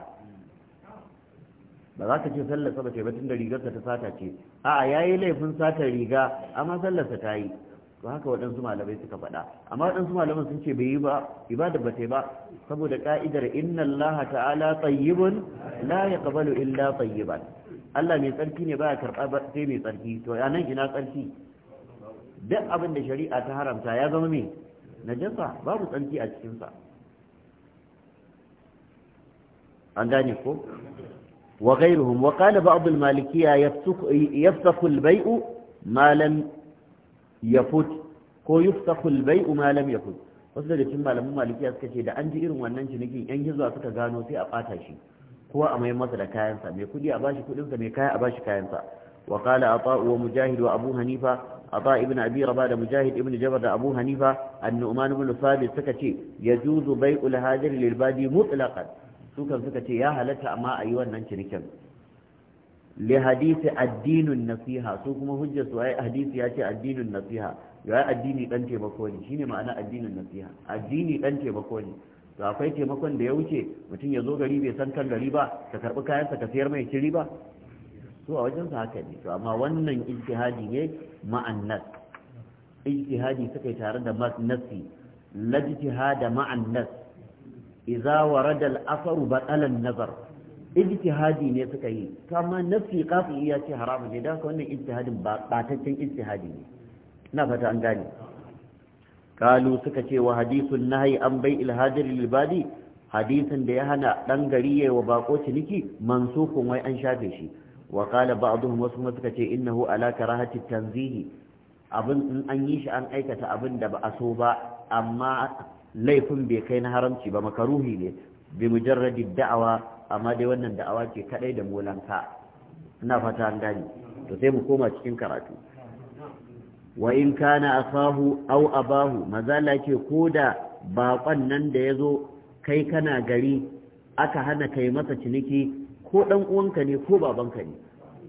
ba za ka ce sallarsa ba sai ba tun da rigarsa ta sata ce a'a ya yi laifin sata riga amma sallarsa ta yi to haka waɗansu malamai suka faɗa amma waɗansu malamai sun ce bai yi ba ibada ba ta ba saboda ka'idar inna Allah ta'ala tayyibun la yaqbalu illa tayyiban Allah mai tsarki ne baya karɓa sai mai tsarki to ya nan ina tsarki duk abin da shari'a ta haramta ya zama mai najasa babu tsarki a cikin sa an gane ko wa ghayruhum wa qala ba'd al-malikiyya yafsaku al-bay'u ma lam yafut ko yuftahu bai baiu ma lam yafut wasu daga cikin malaman malikiya suka ce da an ji irin wannan cinikin yan gizo suka gano sai a bata shi kowa a mai masa da kayansa mai kudi a bashi kudinsa mai kaya a bashi kayansa wa qala ata'u wa mujahid wa abu hanifa ata ibn abi rabah da mujahid ibn jabr da abu hanifa an-nu'man ibn sabit suka ce yajuzu bai'ul hadir lil badi mutlaqan su suka ce ya halatta amma a yi wannan cinikin li hadisi addinin nasiha su kuma hujjar su ai hadisi ya ce addinin nasiha ya addini dan taimako ne shine ma'ana addinin nasiha addini dan taimako ne to akwai taimakon da ya wuce mutum ya zo gari bai san kan gari ba ka karbi kayan ka sayar mai kiri ba to a wajen sa haka ne to amma wannan ijtihadi ne ma'annas ijtihadi suka yi tare da nasi lajtihada ma'annas idza warada al-asaru batala an-nazar ijtihadi ne suka yi to amma nafi kafi ya ce haramu ne da wannan ijtihadin ba batacin ijtihadi ne na fata an gane kalu suka ce wa hadithun nahyi an bai ilhadir lil badi hadisin da ya hana dan gari yayi wa bako ciniki mansukun wai an shafe shi wa qala ba'dhum wasu kuma suka ce innahu ala karahati tanzihi abin in an yi shi an aikata abin da ba a so ba amma laifin bai kai na haramci ba makaruhi ne bi mujarradi da'awa amma dai wannan da'awa ce kadai da molanka ina fata an gani to sai mu koma cikin karatu wa in kana asahu aw abahu mazala ce koda bakon nan da yazo kai kana gari aka hana kai masa ciniki ko dan uwanka ne ko babanka ne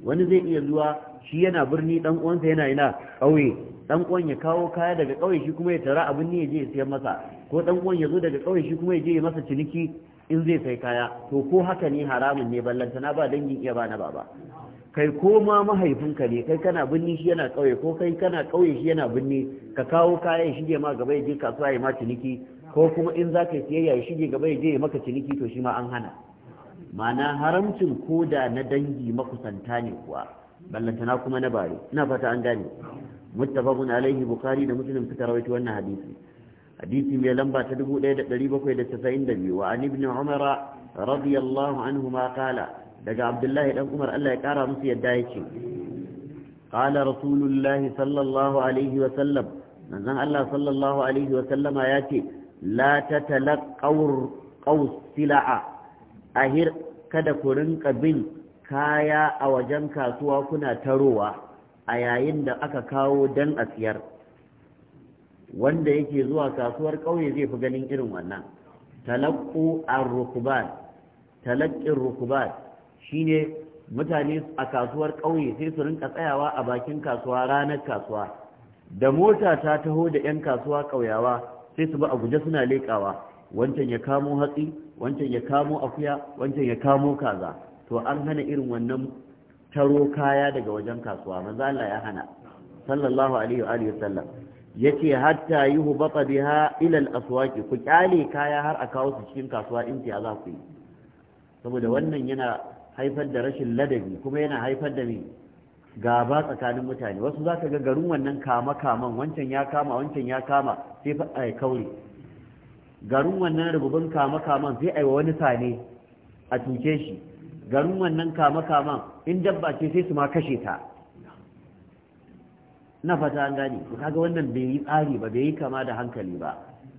wani zai iya zuwa shi yana birni dan uwansa yana ina kauye dan uwan ya kawo kaya daga kauye shi kuma ya tara abin ne ya je ya siyan masa ko dan uwan ya zo daga kauye shi kuma ya je ya masa ciniki in zai sai kaya to ko haka ne haramun ne ballanta ba dangin iya ba na baba kai ko ma mahaifinka ne kai kana binni shi yana kauye ko kai kana kauye shi yana binni ka kawo kayan shige ma gaba ya je kasuwa ya ma ciniki ko kuma in za ka siyayya ya shige gaba ya je ya maka ciniki to shi ma an hana ma'ana haramcin koda na dangi makusanta ne kuwa ballantana kuma na bare ina fata an gane muttafaqun alaihi bukhari da muslim suka rawaito wannan hadisi hadisi mai lamba ta 1792 wa an ibn umara radiyallahu anhu ma daga abdullahi dan umar Allah ya kara musu yadda yake qala rasulullahi sallallahu alaihi wa sallam Allah sallallahu alaihi wa sallama yace la tatalaqaw qaws sila'a ahir kada ku rinka bin kaya a wajen kasuwa kuna tarowa a yayin da aka kawo dan asiyar wanda yake zuwa kasuwar ƙauye zai fi ganin irin wannan talakku ar-rukban ar rukban shine mutane a kasuwar ƙauye sai su rinka tsayawa a bakin kasuwa ranar kasuwa da mota ta taho da 'yan kasuwa ƙauyawa sai su ba a guje suna leƙawa wancan ya kamo hatsi wancan ya kamo akuya wancan ya kamo kaza to an hana irin wannan taro kaya daga wajen kasuwa manzo Allah ya hana sallallahu alaihi wa sallam yace hatta bata biha ila al-aswaq ku kyale kaya har a kawo su cikin kasuwa in ta za ku yi saboda wannan yana haifar da rashin ladabi kuma yana haifar da mi gaba tsakanin mutane wasu zaka ga garin wannan kama kaman wancan ya kama wancan ya kama sai fa ai kauri garin wannan rububin kama kaman sai ai wani sane a tuke shi garin wannan kama kaman in dabba ce sai su ma kashe ta na fata an gane to kaga wannan bai yi tsari ba bai yi kama da hankali ba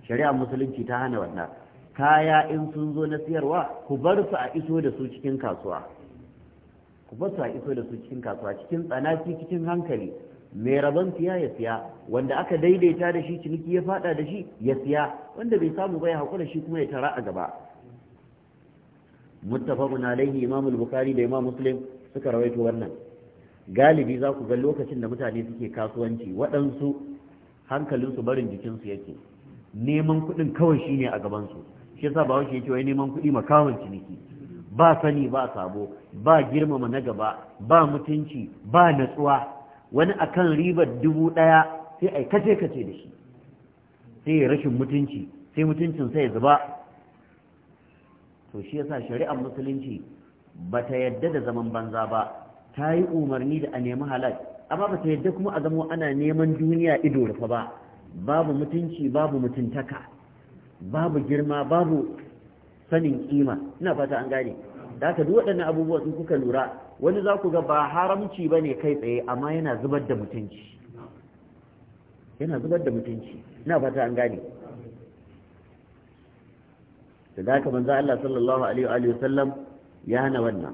shari'ar musulunci ta hana wannan kaya in sun zo na siyarwa ku bar su a iso da su cikin kasuwa ku bar su a iso da su cikin kasuwa cikin tsanaki cikin hankali mai rabon siya ya siya wanda aka daidaita da shi ciniki ya fada da shi ya siya wanda bai samu ba ya hakura shi kuma ya tara a gaba muttafaqun alaihi imam al-bukhari da imam muslim suka rawaito wannan galibi za ku ga lokacin da mutane suke kasuwanci waɗansu hankalinsu barin jikinsu yake neman kuɗin kawai shi ne a gabansu shi yasa ba wasu yake wai neman kuɗi makawan ciniki ba sani ba sabo ba girmama na gaba ba mutunci ba natsuwa wani akan ribar dubu ɗaya sai a kace kace da shi sai ya rashin mutunci sai mutuncin sai zuba to shi yasa shari'ar musulunci ba ta yadda da zaman banza ba ta yi umarni da a nemi halal amma ba ta yadda kuma a zamo ana neman duniya ido rufe ba babu mutunci babu mutuntaka babu girma babu sanin kima ina fata an gane da ka duk waɗannan abubuwa sun kuka lura wani za ku ga ba haramci ba ne kai tsaye amma yana zubar da mutunci yana zubar da mutunci ina fata an gane da ka manzo Allah sallallahu alaihi wa sallam ya hana wannan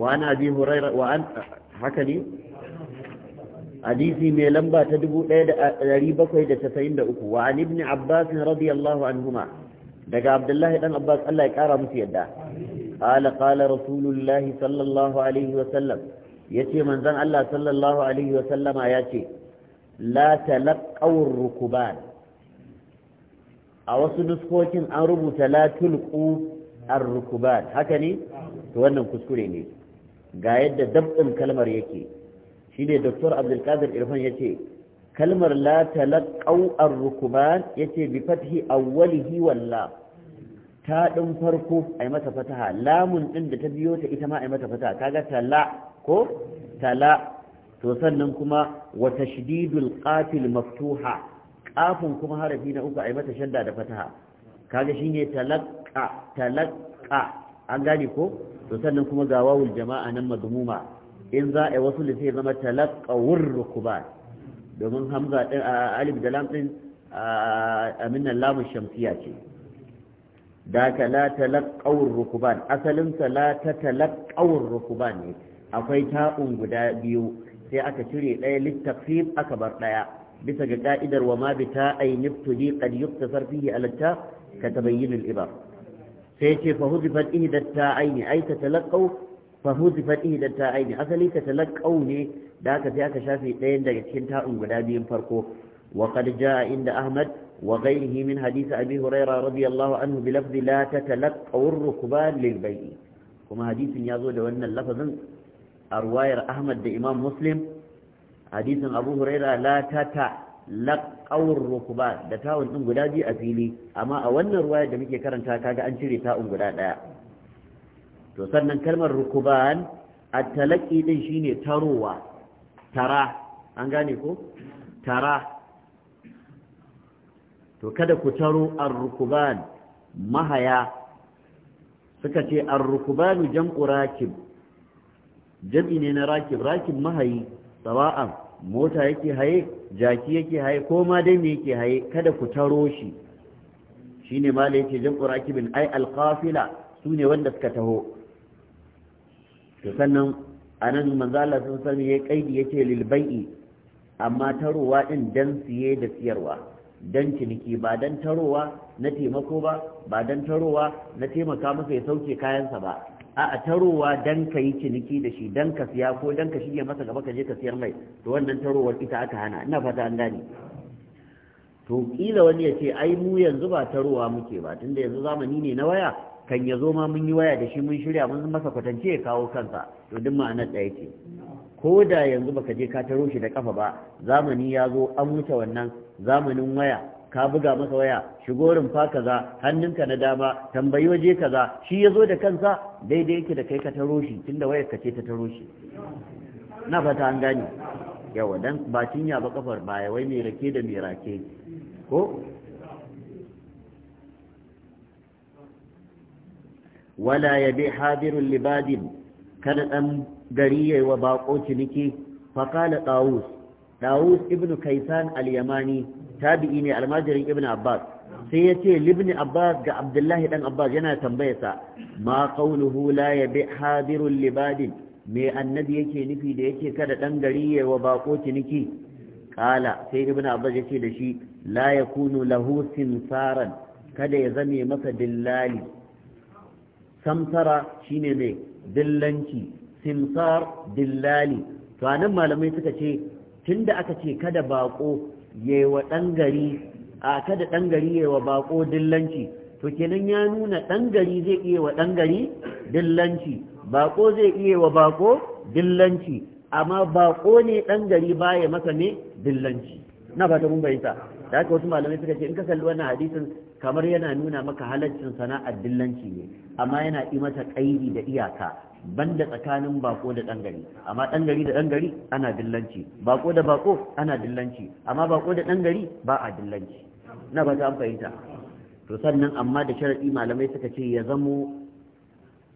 وعن أبي هريرة وعن حكني حديثي من لمبا تدبو قريبا كويدة تسعين دعوكو وعن ابن عباس رضي الله عنهما دقى عبد الله بن عباس الله يكارى مسيدا قال قال رسول الله صلى الله عليه وسلم يتي من ذن الله صلى الله عليه وسلم ياتي لا تلقوا الركبان a wasu nuskokin an rubuta la tulqu ar-rukuban haka ne to wannan kuskure ne ga yadda dab'in kalmar yake shi ne doktor abdulkadir irfan ya ce kalmar la talaqaw ar ya yace bi fathi awwalihi walla ta ɗin farko ai mata fataha lamun ɗin da ta biyo ta ita ma ai mata fataha kaga tala ko tala to sannan kuma wa tashdidul qatil maftuha qafun kuma harafi na uku ai mata shadda da fataha kaga shine talaqqa talaqqa an gane ko to sannan kuma ga wawul jama'a nan madmuma in za a wasu lisai zama talaqawur rukubat domin hamza din alif da lam din lamun shamsiya ce da ka la talaqawur rukuban asalin sa la ta talaqawur rukuban ne akwai ta'un guda biyu sai aka cire ɗaya littafi aka bar ɗaya bisa ga ka'idar wa ma bi ta'ayin ibtuli qad yuktasar fihi alatta ka tabayyinul ibar sai ce fa da ta ta'aini ai tatalaqaw fa da ta ta'aini asali talakau ne da aka sai aka shafe ɗayan daga cikin ta'un guda biyun farko wa qad jaa inda ahmad wa ghayrihi min hadith abi huraira radiyallahu anhu bi lafzi la tatalaqaw ar-rukban lil bay'i kuma hadisin ya zo da wannan lafazin a ruwayar ahmad da imam muslim hadisin abu huraira la tatalaq awur rukuban da tawun ɗin guda biyu a fili amma a wannan ruwaya da muke karanta kaga an cire ta'un guda ɗaya. to sannan kalmar rukuban a talaqi ɗin shine tarowa tara an gane ko tara to kada ku taro ar-rukuban mahaya suka ce ar-rukubanu jam'u rakib jam'i ne na rakib rakib mahayi sawa'an mota yake haye jaki yake haye ko ma dai me yake haye kada ku taro shi shine ma da yake jam'u rakibin ai alqafila su ne wanda suka taho to sannan anan manzo Allah sun sani yayi kaidi yake lil bai'i amma tarowa din dan siye da siyarwa dan ciniki ba dan tarowa na taimako ba ba dan tarowa na taimaka masa ya sauke kayansa ba a a tarowa dan ka yi ciniki da shi dan ka siya ko dan ka shige masa gaba ka je ka siyar mai to wannan tarowar ita aka hana ina fata an gane to kila wani ya ce ai mu yanzu ba tarowa muke ba tunda yanzu zamani ne na waya kan ya zo ma mun yi waya da shi mun shirya mun masa kwatance ya kawo kansa to duk ma'anar ɗaya ce ko da yanzu baka je ka taro shi da kafa ba zamani ya zo an wuce wannan zamanin waya ka buga masa waya shigo rumfa kaza hannunka na dama tambayi waje kaza shi yazo da kansa daidai yake da kai ka taro shi tunda wayar ka ce ta taro shi na fata an gane yawa dan ba cinya ba kafar baya wai mai rake da mai rake ko wala yabi hadirul libadin kada dan gari yayi wa bako ciniki faqala dawus dawus ibnu kaisan al-yamani tabi'i ne almajirin ibn abbas sai ya ce libni abbas ga abdullahi dan abbas yana tambayarsa ma qawluhu la yabi hadirul libadin me annabi yake nufi da yake kada dan gari ya wa bako ciniki kala sai ibn abbas ya ce da shi la yakunu lahu simsaran kada ya zame masa dillali samsara shine mai dillanci simsar dillali to anan malamai suka ce tunda aka ce kada bako ya wa ɗan gari a kada ɗan gari ya wa bako dillanci to kenan ya nuna ɗan gari zai iya wa ɗan gari dillanci bako zai iya wa baƙo dillanci amma bako ne ɗan gari baya masa ne dillanci na fata mun bayyana da haka wasu malamai suka ce in ka kalli wannan hadisin kamar yana nuna maka halaccin sana'ar dillanci ne amma yana yi mata kairi da iyaka banda tsakanin bako da dan gari amma dan gari da dan gari ana dillanci bako da bako ana dillanci amma bako da dan gari ba a dillanci na ba ta fahimta to sannan amma da sharadi malamai suka ce ya zamo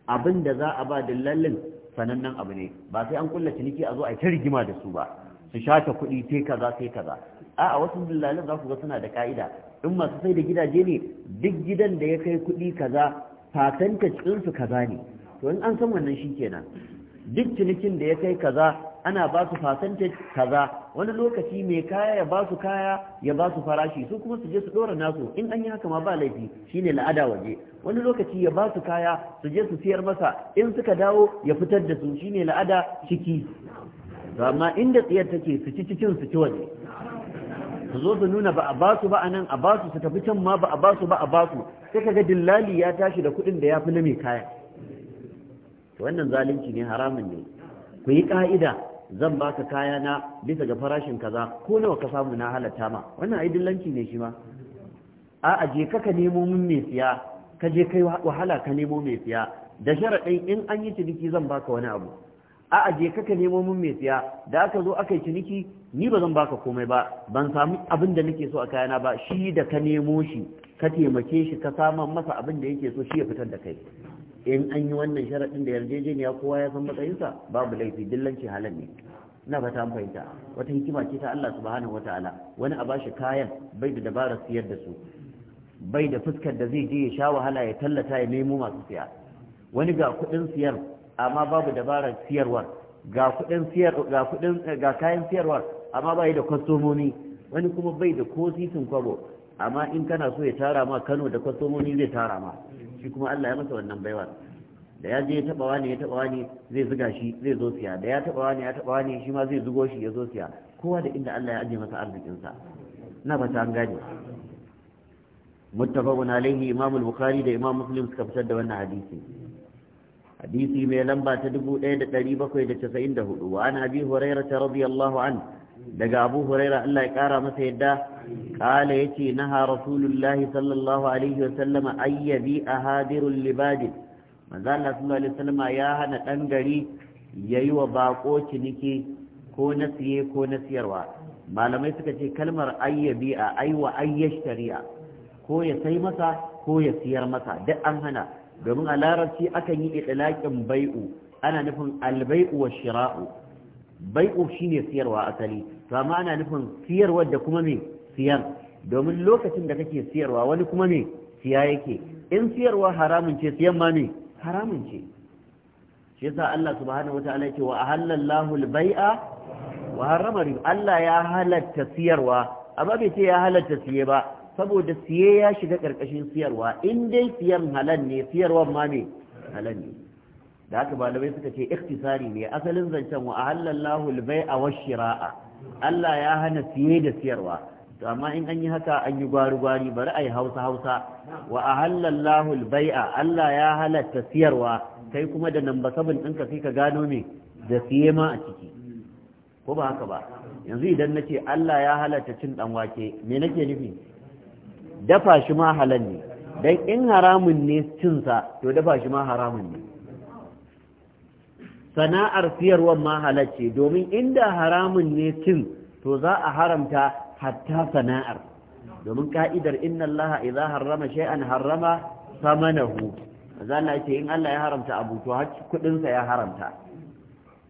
abin da za a ba dillallin sanannen abu ne ba sai an kulla ciniki a zo a ta rigima da su ba su shata kuɗi sai kaza sai kaza a wasu dillalin za ku ga suna da ka'ida in masu sai da gidaje ne duk gidan da ya kai kuɗi kaza fatanta cikinsu kaza ne to in an san wannan shikenan duk cinikin da ya kai kaza ana ba su percentage kaza wani lokaci mai kaya ya ba su kaya ya ba su farashi su kuma su je su dora nasu in an yi haka ma ba laifi shine la'ada waje wani lokaci ya ba su kaya su je su siyar masa in suka dawo ya fitar da su shine la'ada ciki amma inda tsiyar take su ci cikin su ci waje su zo su nuna ba a ba su ba a nan a ba su su tafi can ma ba a ba su ba a ba su sai kaga dillali ya tashi da kuɗin da ya fi na mai kaya wannan zalunci ne haramun ne ku yi ka'ida zan baka kaya na bisa ga farashin kaza ko nawa ka samu na halatta ma wannan ai ne shi ma a je ka ka nemo mun mai siya ka je kai wahala ka nemo mai siya da sharaɗin in an yi ciniki zan baka wani abu a je ka ka nemo mun mai siya da aka zo aka yi ciniki ni ba zan baka komai ba ban samu abin da nake so a kayana ba shi da ka nemo shi ka taimake shi ka saman masa abin da yake so shi ya fitar da kai in an yi wannan sharaɗin da yarjejeniya kowa ya san matsayinsa babu laifi dillanci halar ne na fata an fahimta wata hikima ce ta Allah subhanahu wataala wani a bashi kayan bai da dabara siyar da su bai da fuskar da zai je ya sha wahala ya tallata ya nemo masu siya wani ga kuɗin siyar amma babu dabarar siyarwar ga kuɗin siyar ga kuɗin ga kayan siyarwar amma bai da kwastomomi wani kuma bai da ko kwabo amma in kana so ya tara ma Kano da kwastomomi zai tara ma shi kuma Allah ya masa wannan baiwa da ya je ya taba wani ya taba wani zai zuga shi zai zo siya da ya taba wani ya taba wani shi ma zai zugo shi ya zo siya kowa da inda Allah ya aje masa arzikin sa na ba an gane muttafaqun alaihi imam al-bukhari da imam muslim suka fitar da wannan hadisi hadisi mai lamba ta 1794 wa an abi hurairah radiyallahu an, daga abu hurairah Allah ya kara masa yadda قال يتي نهى رسول الله صلى الله عليه وسلم أن يبيع هادر لباد من ذا الله صلى الله عليه وسلم يا هنا تنقري ييو باقو تنكي كو نسيه كو نسيروا ما لم يسكتي كلمة أن يبيع أي وأن يشتريع ko ya sai masa ko ya siyar masa duk an hana domin a larabci akan yi itilaƙin bai'u ana nufin albai'u wa shira'u bai'u shine siyarwa asali to ana nufin siyarwa da kuma me siyan domin lokacin da kake siyarwa wani kuma ne siya yake in siyarwa haramun ce siyan ma ne haramun ce shi yasa Allah subhanahu wataala yake wa ahallallahu al-bai'a wa harrama riba Allah ya halatta siyarwa amma bai ce ya halatta siye ba saboda siye ya shiga karkashin siyarwa in dai siyan halal ne siyarwan ma ne halal ne da haka malamai suka ce iktisari ne asalin zancen wa ahallallahu al-bai'a wash-shira'a Allah ya hana siye da siyarwa to amma in an yi haka an yi gwari-gwari bari a yi hausa-hausa wa a hallallahu a Allah ya halatta siyarwa kai kuma da namba sabin ɗinka sai ka gano me da siye ma a ciki ko ba haka ba yanzu idan na ce Allah ya halatta cin ɗan wake me nake nufi dafa shi ma halal ne dan in haramun ne cinsa to dafa shi ma haramun ne sana'ar siyarwar ma halal ce domin inda haramun ne cin to za a haramta hatta sana'ar domin ka'idar inna allaha idza harrama shay'an harrama samanahu zalla ce in Allah ya haramta abu to har kudin sa ya haramta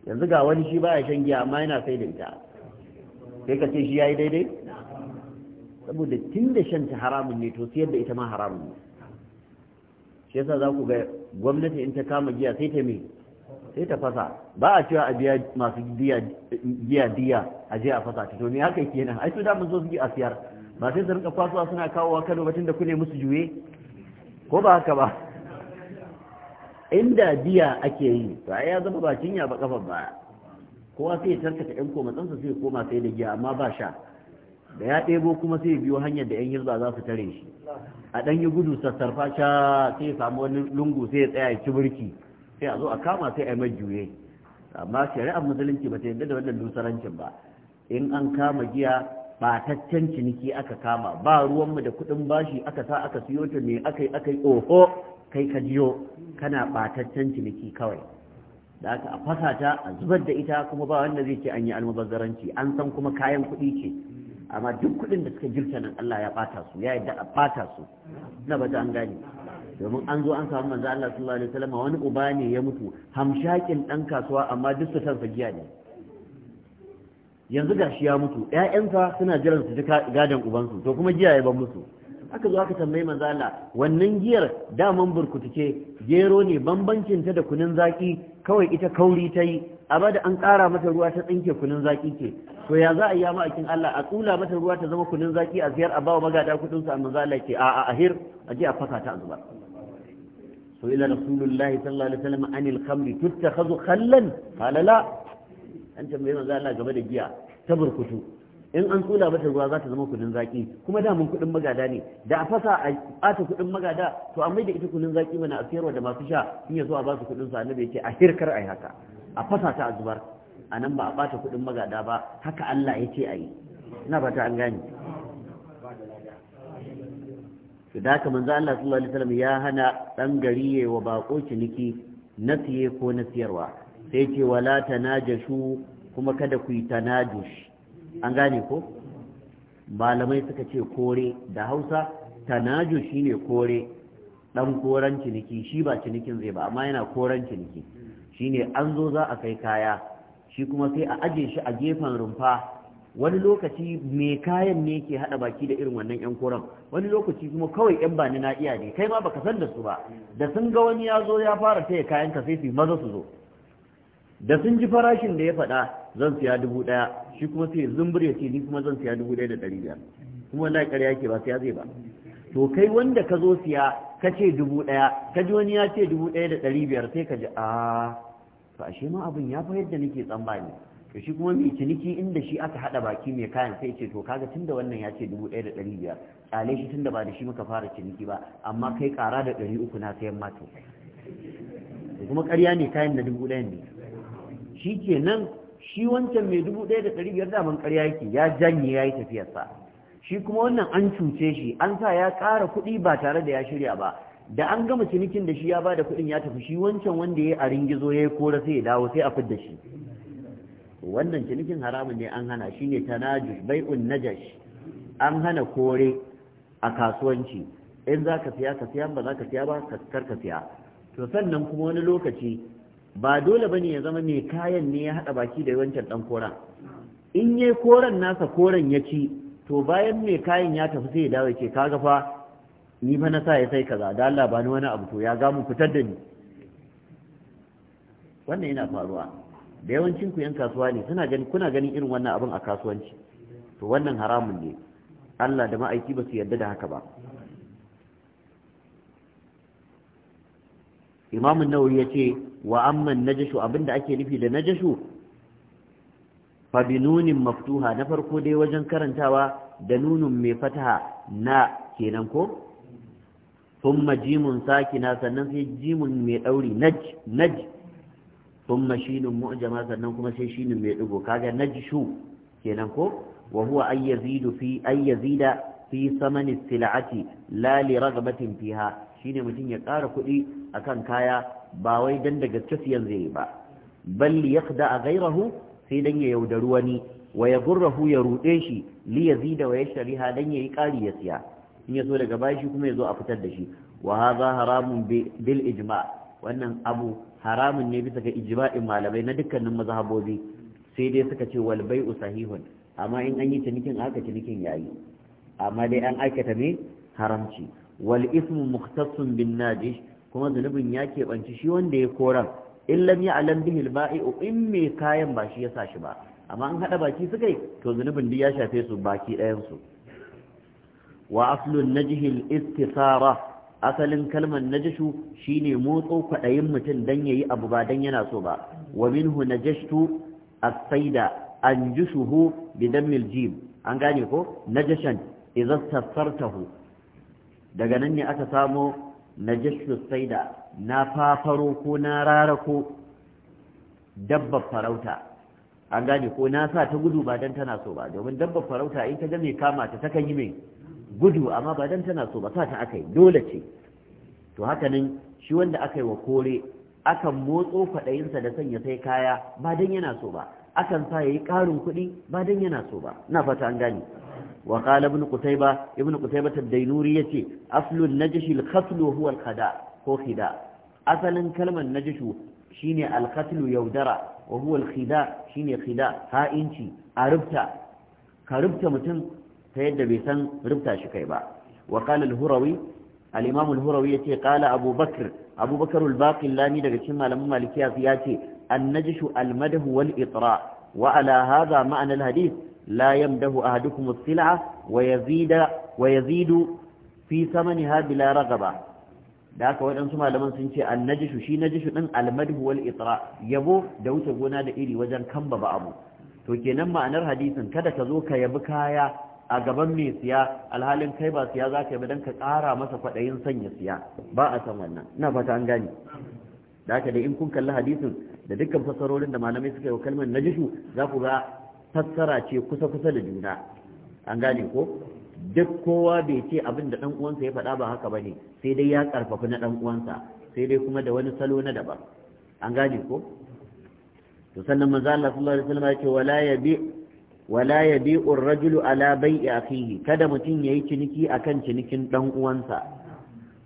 yanzu ga wani shi baya shan giya amma yana sai da ita sai ka ce shi yayi daidai saboda tun shan ta haramun ne to sayar da ita ma haramun ne shi yasa za ku ga gwamnati in ta kama giya sai ta me sai ta fasa ba a cewa a biya masu giya diya a je a fasa to me haka nan ai su da mun zo su a siyar ba sai su rinka fasuwa suna kawowa Kano batun da kune musu juye ko ba haka ba inda diya ake yi to ai ya zama ba cinya ba kafan baya kowa sai ya tarkata yan tsansa sai koma sai da giya amma ba sha da ya ɗebo kuma sai biyo hanyar da 'yan hizba za su tare shi a ɗan yi gudu sassarfa sha sai ya samu wani lungu sai ya tsaya ya ci birki sai a zo a kama sai a mai juye amma shari'ar musulunci ba ta yarda da wannan lusarancin ba in an kama giya bataccen ciniki aka kama ba ruwanmu da kuɗin bashi aka sa aka siyo ta me aka yi aka yi oho kai ka jiyo kana ɓataccen ciniki kawai da aka a fasa ta a zubar da ita kuma ba wanda zai ce an yi almubazzaranci an san kuma kayan kuɗi ce amma duk kuɗin da suka jirta nan Allah ya ɓata su ya yadda a ɓata su na ba an gane domin an zo an samu manzo Allah sallallahu alaihi wasallam wani uba ne ya mutu hamshakin dan kasuwa amma duk su tansa giya ne yanzu gashi ya mutu ƴaƴansa suna jiran su ji gadan ubansu to kuma giya ya ban musu aka zo aka tambayi manzo Allah wannan giyar daman burkutu ce gero ne bambancin ta da kunun zaki kawai ita kauri ta yi amma da an ƙara mata ruwa ta tsinke kunun zaki ce to ya za a yi ma akin Allah a tsula mata ruwa ta zama kunun zaki a ziyar a bawa magada kudin su amma Allah ce a a ahir a je a fasa ta a سئل رسول الله صلى الله عليه وسلم عن الخمر تتخذ خلا قال لا أنت من ذا الله قبل in an tsula mata ruwa za ta zama kuɗin zaki kuma da mun kudin magada ne da a fasa a ata kudin magada to amma da ita kudin zaki mana a sayarwa da masu sha in yazo a ba su kudin sa annabi yake a hirkar ai haka a fasa ta a zubar anan ba a bata kuɗin magada ba haka Allah ya yake ayi ina bata an gane Su da kamar za Allah sallallahu alaihi wasallam ya hana ɗan gari wa bako ciniki na siye ko na siyarwa sai ce wala tanajashu kuma kada ku yi tanajush an gane ko malamai suka ce kore da Hausa tanaju shine kore dan koran ciniki shi ba cinikin zai ba amma yana koren ciniki shine an zo za a kai kaya shi kuma sai a aje shi a gefen rumfa wani lokaci mai kayan ne ke hada baki da irin wannan yan koran wani lokaci kuma kawai yan bani na iya ne kai ma baka san da su ba da sun ga wani ya zo ya fara taya kayan ka sai su maza su zo da sun ji farashin da ya faɗa zan siya dubu ɗaya shi kuma sai zumbur ya ce ni kuma zan siya dubu ɗaya da ɗari biyar kuma wallahi ƙarya yake ba siya zai ba to kai wanda ka zo siya ka ce dubu ɗaya ka ji wani ya ce dubu ɗaya da ɗari biyar sai ka ji a to ashe ma abin ya fa yadda nake tsammani to shi kuma mai ciniki inda shi aka hada baki mai kayan sai ce to kaga tunda wannan ya ce 1500 tsale shi tunda ba da shi muka fara ciniki ba amma kai kara da 300 na sayan mata to kuma karya ne kayan da 1000 ne shi ke nan shi wancan mai 1500 daman karya yake ya janye ya yi tafiyarsa shi kuma wannan an cuce shi an sa ya kara kuɗi ba tare da ya shirya ba da an gama cinikin da shi ya ba da kuɗin ya tafi shi wancan wanda ya yi a ringizo ya yi kora sai ya dawo sai a fidda shi wannan cinikin haramun ne an hana shine tanajus bai'un najash an hana kore a kasuwanci in za ka siya ka siya ba za ka siya ba kar ka siya to sannan kuma wani lokaci ba dole bane ya zama mai kayan ne ya haɗa baki da wancan ɗan kora. in yi koren nasa koren ya ci to bayan mai kayan ya tafi sai ya dawo ce kaga fa ni fa na sa ya sai kaza da Allah ba ni wani abu to ya ga mu fitar da ni wannan yana faruwa da yawancin ku yan kasuwa ne suna gani kuna ganin irin wannan abin a kasuwanci to wannan haramun ne Allah da ma'aiki ba su yarda da haka ba Imam an-Nawawi yace wa amman najashu abinda ake nufi da najashu fa nunin maftuha na farko dai wajen karantawa da nunin mai fataha na kenan ko thumma jimun sakina sannan sai jimun mai dauri naj naj thumma shinun mu'jama sannan kuma sai shinin mai digo kaga najshu kenan ko wa huwa ay yazidu fi yazida fi samani sil'ati la li ragbatin fiha shine mutum ya ƙara kuɗi kan kaya ba wai dan da gaske siyan zai ba bal a gairahu sai dan ya yaudari wani waya ya gurrahu ya ruɗe shi li ya zida shariha dan ya yi ƙari ya siya in ya so daga bashi kuma ya zo a fitar da shi wa haza haramun bil ijma'a. wannan abu haramun ne bisa ga ijma'in malamai na dukkanin mazhabobi sai dai suka ce wal bai'u sahihun amma in an yi cinikin aka cinikin yayi amma dai an aikata ne haramci wal ismu mukhtasun bin najish kuma zunubin ya keɓanci shi wanda ya koran in lam alam bihi baiu in mai kayan ba shi ya sa shi ba amma an hada baki suka yi to zunubin duk ya shafe su baki ɗayan su wa aslun najihil istisara asalin kalmar najashu shine motso kwaɗayin mutum dan yayi abu ba dan yana so ba wa minhu najashtu as-sayda jushuhu bi dammil jim an gane ko najashan idza tasartahu daga nan ne aka samo najashu sayda na fafaro ko na rarako dabbar farauta an gane ko na sa ta gudu ba dan tana so ba domin dabbar farauta in ta ga mai kama ta takan yi mai gudu amma ba dan tana so ba sa ta aka yi dole ce to haka nan shi wanda aka yi wa kore akan motso kwaɗayinsa da sanya sai kaya ba dan yana so ba akan sa ya yi ƙarin kuɗi ba dan yana so ba na fata an gane wa qala ibn qutayba ibn qutayba ad-dainuri yace aslu najshi al khatlu huwa al-khada ko khida asalin kalmar najshu shine al khatlu yaudara wa huwa al-khida shine khida ha'inci arubta ka rubta mutum ta yadda bai san Ribta shi kai ba wa qala al-hurawi al-imam al-hurawi yace qala abu bakr al bakr Lami daga cikin malaman malikiya ya ce an-najshu al-madh wal-itra wa ala hadha ma'na al-hadith la yamdahu ahadukum as-sil'a wa yazida wa yazidu fi thamaniha bila ragaba da haka waɗansu malaman sun ce annajishu. shi najishu ɗin almadhu wal itra yabo da wuce gona da iri wajen kamba ba abu to kenan ma'anar hadisin kada ka zo ka yabi kaya a gaban mai siya alhalin kai ba siya za ka yi don ka ƙara masa kwaɗayin sanya siya ba a san wannan ina fata an gani da haka da in kun kalli hadisin da dukkan fassarorin da malamai suka yi wa kalmar jishu za ku ga fassara ce kusa-kusa da juna an gane ko duk kowa bai ce abin da ɗan uwansa ya faɗa ba haka ba ne sai dai ya ƙarfafi na ɗan uwansa sai dai kuma da wani salo na daban an gane ko to sannan manzo Allah sallallahu alaihi wasallam ya ce wala yabi wala ya ar-rajulu ala bai'i akhihi kada mutum yayi ciniki akan cinikin dan uwansa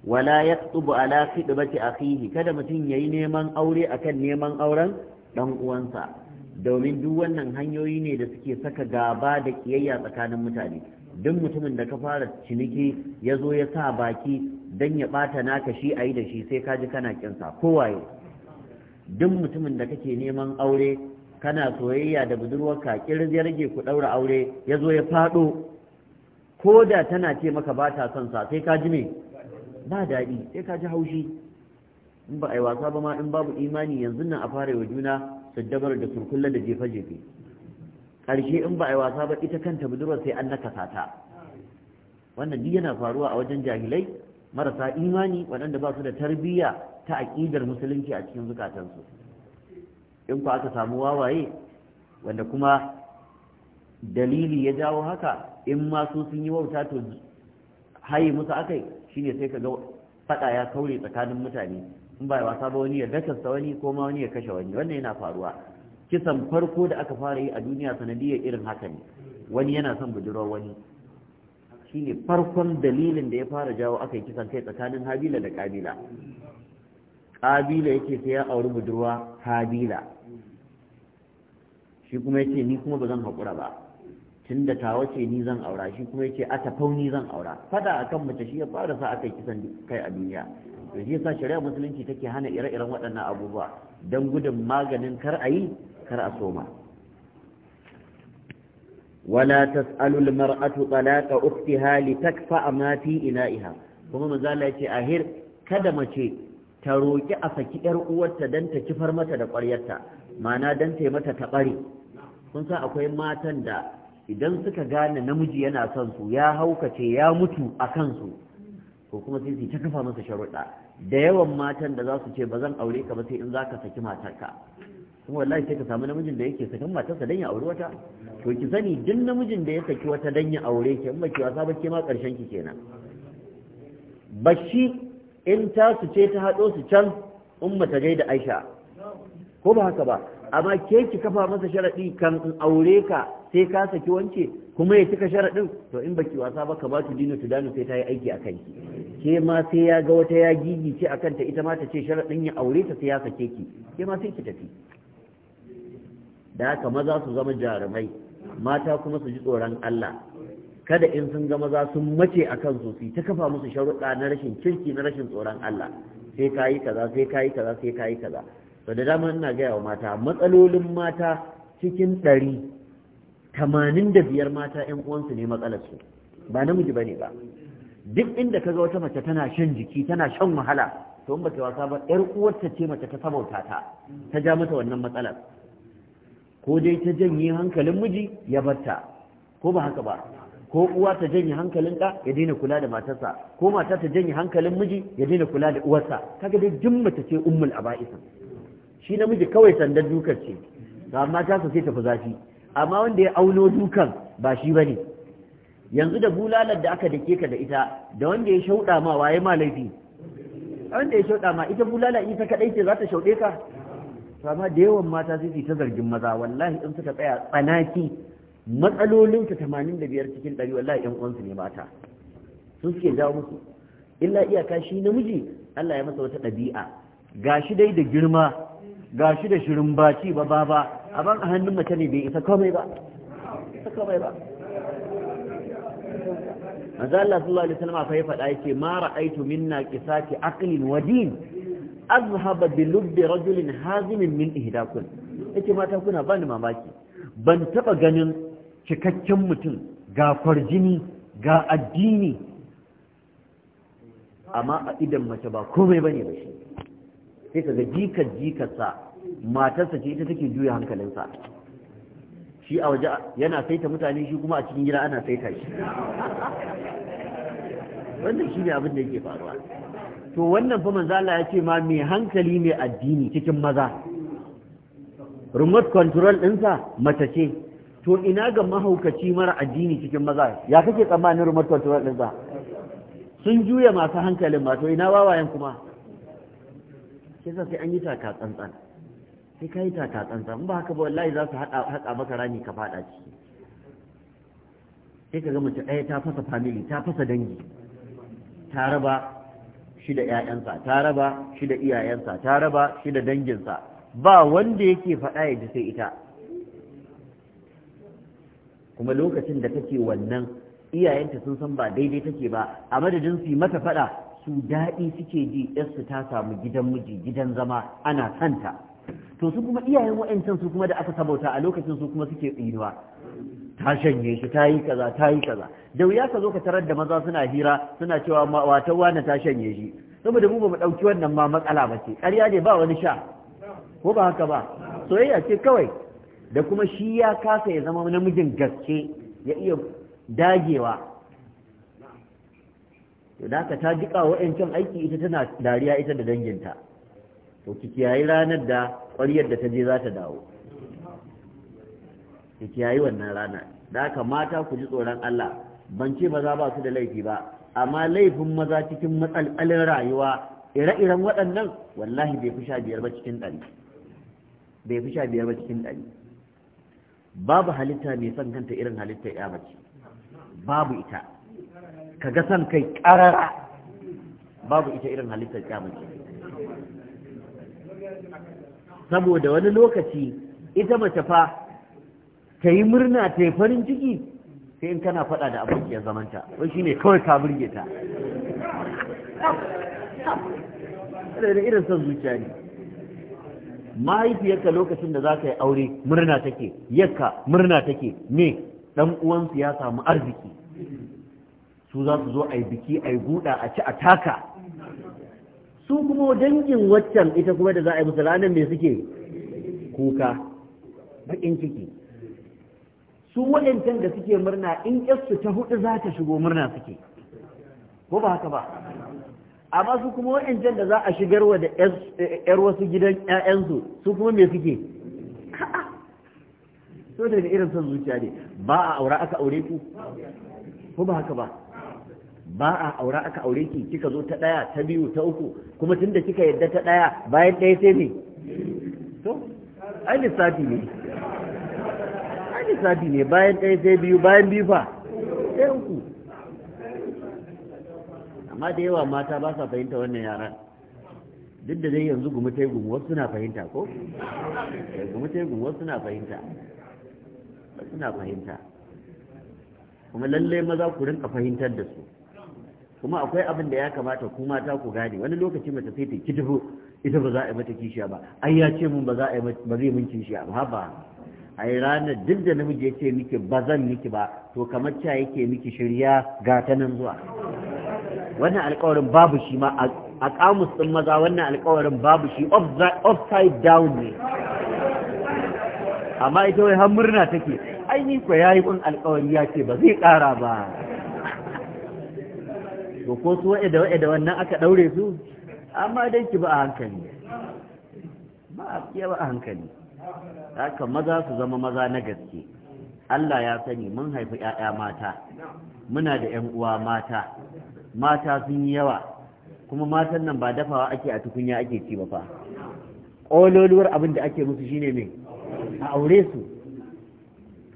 wala yaqtubu ala khidbati akhihi kada mutum yayi neman aure akan neman auren dan uwansa domin duk wannan hanyoyi ne da suke saka gaba da ƙiyayya tsakanin mutane duk mutumin da ka fara ciniki ya zo ya sa baki don ya ɓata naka shi a yi da shi sai ka ji kana kinsa kowaye duk mutumin da kake neman aure kana soyayya da budurwarka kirin ya rage ku ɗaura aure ya zo ya faɗo ko da tana ce maka ba ta son sa sai ka ji me ba daɗi sai ka ji haushi in ba a yi wasa ba ma in babu imani yanzu nan a fara wa juna saddabar da surkulla da jefe-jefe ƙarshe in ba a yi wasa ba ita kanta budurwar sai an nakasa ta wannan duk yana faruwa a wajen jahilai marasa imani waɗanda ba su da tarbiyya ta aƙidar musulunci a cikin zukatansu in ku aka samu wawaye wanda kuma dalili ya jawo haka in ma su sun yi wauta to hayi musu akai shine sai ka ga fada ya kaure tsakanin mutane in ba wasa ba wani ya dakasta wani ko ma wani ya kashe wani wannan yana faruwa kisan farko da aka fara yi a duniya sanadiyar irin haka ne wani yana son budurwar wani shine farkon dalilin da ya fara jawo akai kisan kai tsakanin habila da kabila kabila yake sai ya auri budurwa Kabila shi kuma yace ni kuma ba zan haƙura ba tun da ta ce ni zan aura shi kuma yace a tafau ni zan aura fada akan mace shi ya fara sa aka kisan kai a duniya to shi yasa shari'a musulunci take hana ire-iren waɗannan abubuwa don gudun maganin kar a yi kar a soma wala tas'alul mar'atu talaqa ukhtiha litakfa ma fi ina'iha kuma manzo yace ahir kada mace ta roƙi a saki ‘yar uwarta don ta kifar mata da ƙwaryarta mana don ta yi mata ta taɓare kun san akwai matan da idan suka gane namiji yana son su ya haukace ya mutu a kansu ko kuma sai su ta kafa masa sharuɗa da yawan matan da za su ce ba zan aure ka ba sai in za ka saki matarka kuma wallahi sai ka samu namijin da yake sakan matarsa don ya aure wata to ki sani duk namijin da ya saki wata don ya aure ki in ba ki wasa ba ke ma ƙarshen ki kenan bashi in ta su ce ta haɗo su can umma ta da aisha ko ba haka ba amma ke ki kafa masa sharaɗi kan in aure ka sai ka saki wance kuma ya cika sharaɗin to in baki wasa ba ka ba su dinu tudanu sai ta yi aiki a kanki ke ma sai ya ga wata ya gigi ce a kanta ita ma ta ce sharaɗin ya aure ta sai ya sake ki ke ma sai ki tafi da haka maza su zama jarumai mata kuma su ji tsoron Allah kada in sun ga maza sun mace a kan su ta kafa musu sharuɗa na rashin kirki na rashin tsoron Allah sai ka yi kaza sai ka yi kaza sai ka yi kaza to da dama ina gaya wa mata matsalolin mata cikin ɗari tamanin da biyar mata ƴan uwansu ne matsalarsu ba namiji ba ne ba duk inda ka ga wata mace tana shan jiki tana shan wahala to in ba ta wasa ba ƴar uwarta ce mace ta sabauta ta ta ja mata wannan matsalar ko dai ta janye hankalin miji ya barta ko ba haka ba ko uwa ta janye hankalin ɗa ya daina kula da matarsa ko mata ta janye hankalin miji ya daina kula da uwarsa kaga dai duk mace ce ummul isa. shi namiji kawai sandan dukar ce amma ta sai tafi zafi amma wanda ya auno dukan ba shi bane yanzu da bulalar da aka dake ka da ita da wanda ya shauɗa ma waye ma laifi wanda ya shauɗa ma ita bulala ita kaɗai ce za ta shauɗe ka amma da yawan mata sai ta zargin maza wallahi in suka tsaya tsanaki matsalolinsu tamanin da biyar cikin ɗari wallahi ƴan uwansu ne mata sun suke jawo musu illa iyaka shi namiji Allah ya masa wata ɗabi'a Ga shi dai da girma ga shi da shirin baci ba ba ba a ban a hannun mace ne bai isa komai ba isa komai ba manzo Allah sallallahu alaihi wasallam fa ya faɗa yake ma ra'aitu minna qisati aqlin wa din azhaba bi lubbi rajulin hazimin min ihdakun yake mata kuna bani mamaki ban taba ganin cikakken mutum ga kwarjini ga addini amma a idan mace ba komai bane ba shi sai ka ga jikar jikarsa matarsa ce ita take juya hankalinsa shi a waje yana saita mutane shi kuma a cikin gida ana saita shi wannan shi ne abin da yake faruwa to wannan fa manzo Allah ya ce ma mai hankali mai addini cikin maza remote control ɗinsa mace ce to ina ga mahaukaci mara addini cikin maza ya kake tsammanin remote control ɗin ba sun juya masu hankalin ba to ina wawayen kuma kisa sai an yi taka tsantsan sai ka yi taka tsantsan ba haka ba wallahi za su haƙa maka rami ka faɗa ciki sai ka ga mace ɗaya ta fasa family ta fasa dangi ta raba shi da ƴaƴansa ta raba shi da iyayensa ta raba shi da danginsa ba wanda yake faɗa ya ji sai ita kuma lokacin da take wannan iyayenta sun san ba daidai take ba a madadin su mata faɗa su daɗi suke ji yarsu ta samu gidan miji gidan zama ana santa to su kuma iyayen wa'ancan su kuma da aka sabauta a lokacin su kuma suke tsinuwa ta shanye shi ta yi kaza ta yi kaza da wuya ka zo ka tarar da maza suna hira suna cewa wata wani ta shanye shi saboda mu ba mu ɗauki wannan ma matsala ba ce ƙarya ne ba wani sha ko ba haka ba soyayya ce kawai da kuma shi ya kasa ya zama namijin gaske ya iya dagewa to da ka ta jika wa'ancan aiki ita tana dariya ita da danginta to ki kiyayi ranar da ƙwaryar da ta je za ta dawo ki kiyayi wannan rana da ka mata ku ji tsoron Allah ban ce maza ba su da laifi ba amma laifin maza cikin matsalolin rayuwa ire-iren waɗannan wallahi bai fi biyar ba cikin ɗari bai fi sha biyar ba cikin ɗari babu halitta mai son kanta irin halitta ya mace babu ita Ka ga san kai karara babu ita irin halitta ya mace saboda wani lokaci ita mace fa ta yi murna ta yi farin ciki sai in kana faɗa da ya zamanta wai shine kawai ka burge ta irin son zuciya ne mahaifiyarka lokacin da za ka yi aure murna take yakka murna take ne dan uwansu ya samu arziki su za su zo a yi biki a yi guda a ci a taka su kuma dangin waccan ita kuma da za a yi musu ranar me suke kuka bakin ciki su waɗancan da suke murna in su ta hudu za ta shigo murna suke ko ba haka ba amma su kuma wa'ancan da za a shigar wa da ‘yar wasu gidan ƴaƴansu, su kuma me suke so daga irin son zuciya ne ba a aura aka aure ku ko ba haka ba ba a aura aka aure ki kika zo ta ɗaya ta biyu ta uku kuma tunda kika yadda ta ɗaya bayan ɗaya sai me to ai lissafi ne ai lissafi ne bayan ɗaya sai biyu bayan biyu fa sai uku amma da yawa mata ba sa fahimta wannan yaran duk da zai yanzu gumi tai gumi wasu na fahimta ko eh, gumi tai gumi wasu suna fahimta wasu na fahimta kuma lallai maza ku rinka fahimtar da su kuma akwai abin da ya kamata ku mata ku gane wani lokaci mace sai ta kidufu ita ba za a yi mata kishiya ba ai ya ce mun ba za a yi ba zai mun kishiya ba ba ai ranar duk da namiji ya ce miki ba zan miki ba to kamar ca yake miki shirya ga ta nan zuwa wannan alƙawarin babu shi ma a kamus din maza wannan alƙawarin babu shi upside down ne amma ita wai har murna take ni ko yayi kun alkawari ya ce ba zai ƙara ba to ko su wa'ida wa'ida wannan aka ɗaure su amma dan ki ba a hankali ba a fiye ba a hankali haka maza su zama maza na gaske Allah ya sani mun haifi ‘ya'ya mata muna da ‘yan uwa mata mata sun yi yawa kuma matan nan ba dafawa ake a tukunya ake ci ba fa ƙololuwar abin da ake musu shine ne a aure su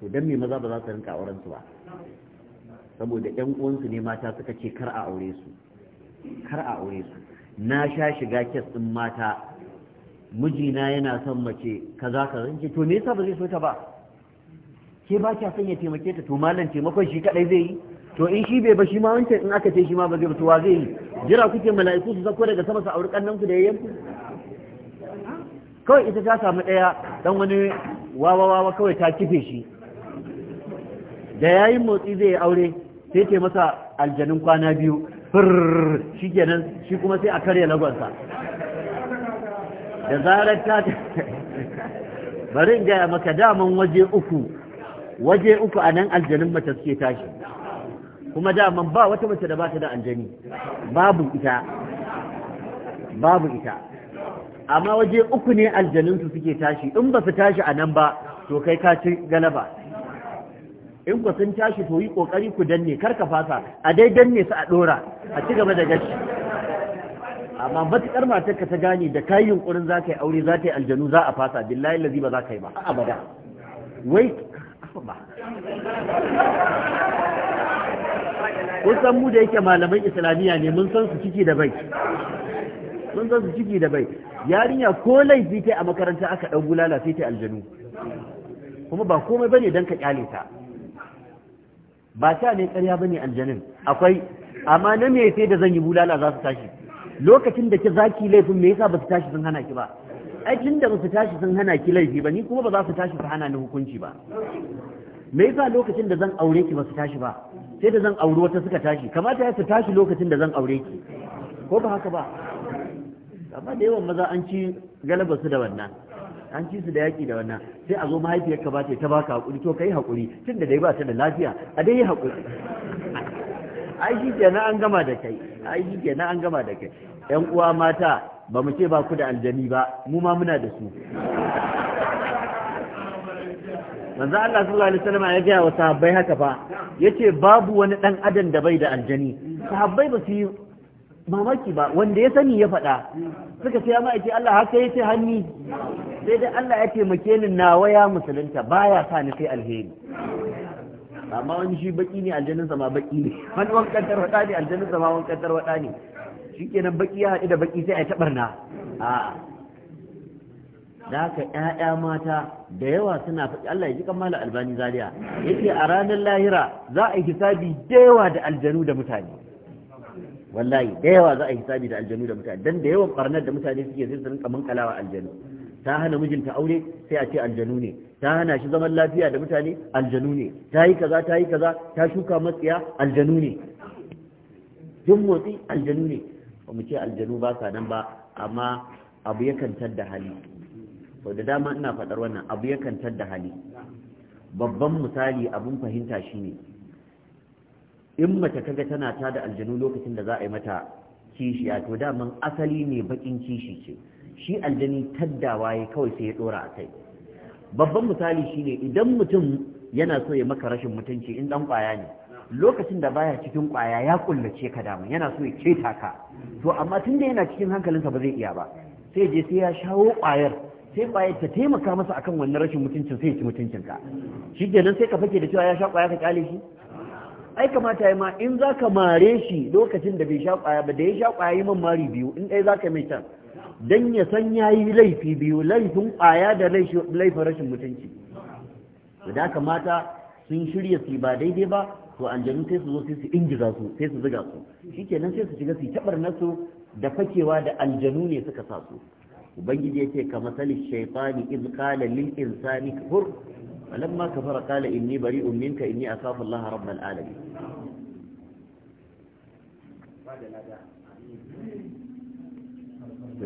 to don me maza ba za su rinka auren su ba saboda ƴan uwansu ne mata suka ce kar a aure su kar a aure su na sha shiga kes din mata mijina yana son mace kaza zan ce to me yasa ba zai so ta ba ke ba kya son ya taimake ta to malam taimakon shi kadai zai yi to in shi bai ba shi ma wancan in aka ce shi ma ba zai mutuwa zai yi jira kuke mala'iku su sako daga sama su auri kannan ku da yayyanku kawai ita ta samu daya dan wani wawa wawa kawai ta kife shi da yayin motsi zai aure sai ce masa aljanin kwana biyu fir kenan shi kuma sai a karya lagonsa da zarar ta bari in gaya maka daman waje uku waje uku a nan aljanin suke tashi kuma daman ba wata mace da ba ta da aljani babu ita babu ita amma waje uku ne aljaninsu suke tashi in ba su tashi a nan ba to kai ka ci galaba in ku sun tashi to yi kokari ku danne kar ka fasa a dai danne su a dora a ci gaba da gashi amma matukar matar ka ta gane da kai yunkurin za ka yi aure za ta yi aljanu za a fasa billahi lazi ba za ka yi ba abada wai ba kun san mu da yake malaman islamiyya ne mun san su ciki da bai mun san su ciki da bai yarinya ko laifi ta a makaranta aka dan gulala sai ta aljanu kuma ba komai bane dan ka kyale ta ba ta ne ƙarya bane aljanin akwai amma na me sai da zan yi bulala za su tashi lokacin da ki zaki laifin me yasa ba su tashi sun hana ki ba ai tun da ba su tashi sun hana ki laifi ba ni kuma ba za su tashi su hana ni hukunci ba me yasa lokacin da zan aure ki ba su tashi ba sai da zan auri wata suka tashi kamata ya su tashi lokacin da zan aure ki ko ba haka ba amma da yawan maza an ci galaba su da wannan an ci su da yaki da wannan sai a zo mahaifiyar ka ba ta baka hakuri to kai hakuri tunda dai ba ta da lafiya a dai hakuri ai shi kenan an gama da kai ai shi kenan an gama da kai yan uwa mata ba mu ce ba ku da aljani ba mu ma muna da su manzo Allah sallallahu alaihi wasallam ya gaya wa sahabbai haka fa yace babu wani dan adam da bai da aljani sahabbai ba su yi mamaki ba wanda ya sani ya faɗa suka ce ma yace Allah haka yace hanni sai dai Allah ya taimake ni nawa ya musulunta baya sa ni sai alheri amma wani shi baki ne aljanin sama baki ne wani wankantar wada ne aljanin sama wankantar wada ne shikenan baki ya haɗu da baki sai a tabarna a'a da haka ƴaƴa mata da yawa suna faɗi Allah ya ji kamar albani zaria yace a ranar lahira za a yi hisabi da yawa da aljanu da mutane wallahi da yawa za a yi hisabi da aljanu da mutane dan da yawan barnar da mutane suke zai su rinka munkalawa aljanu ta hana mijinta aure sai a ce aljanu ne ta hana shi zaman lafiya da mutane aljanu ne ta yi kaza ta yi kaza ta shuka matsiya aljanu ne duk motsi aljanu ne ba mu ce aljanu ba sa nan ba amma abu kan da hali sau da dama ina faɗar wannan abu yakan da hali babban misali abin fahimta shine in mace kaga tana ta da aljanu lokacin da za a yi mata kishiya to daman asali ne bakin kishi ce shi aljani taddawa ya kawai sai ya dora a kai babban misali shine idan mutum yana so ya maka rashin mutunci in dan kwaya ne lokacin da baya cikin kwaya ya kullace ka dama, yana so ya ceta ka to amma tunda yana cikin hankalinsa ba zai iya ba sai je sai ya shawo kwayar sai ƙwayar ta taimaka masa akan wannan rashin mutuncin sai ya ci mutuncinka shi kenan sai ka fake da cewa ya sha ƙwaya ka kyale shi ai kamata ya ma in za ka mare shi lokacin da bai sha ƙwaya ba da ya sha ƙwaya yi man mari biyu in ɗaya za ka mai can don ya san ya yi laifi biyu laifin ƙwaya da laifin rashin mutunci da kamata sun shirya su ba daidai ba to anjanu sai su zo sai su ingiza su sai su ziga su Shi kenan sai su shiga su yi, taɓar nasu da fakewa da aljanu ne suka sa su ubangiji yace ka masali shaytani iz qala lil insani kfur falamma kafara qala inni bari'un minka inni akhafu Allah rabbal alamin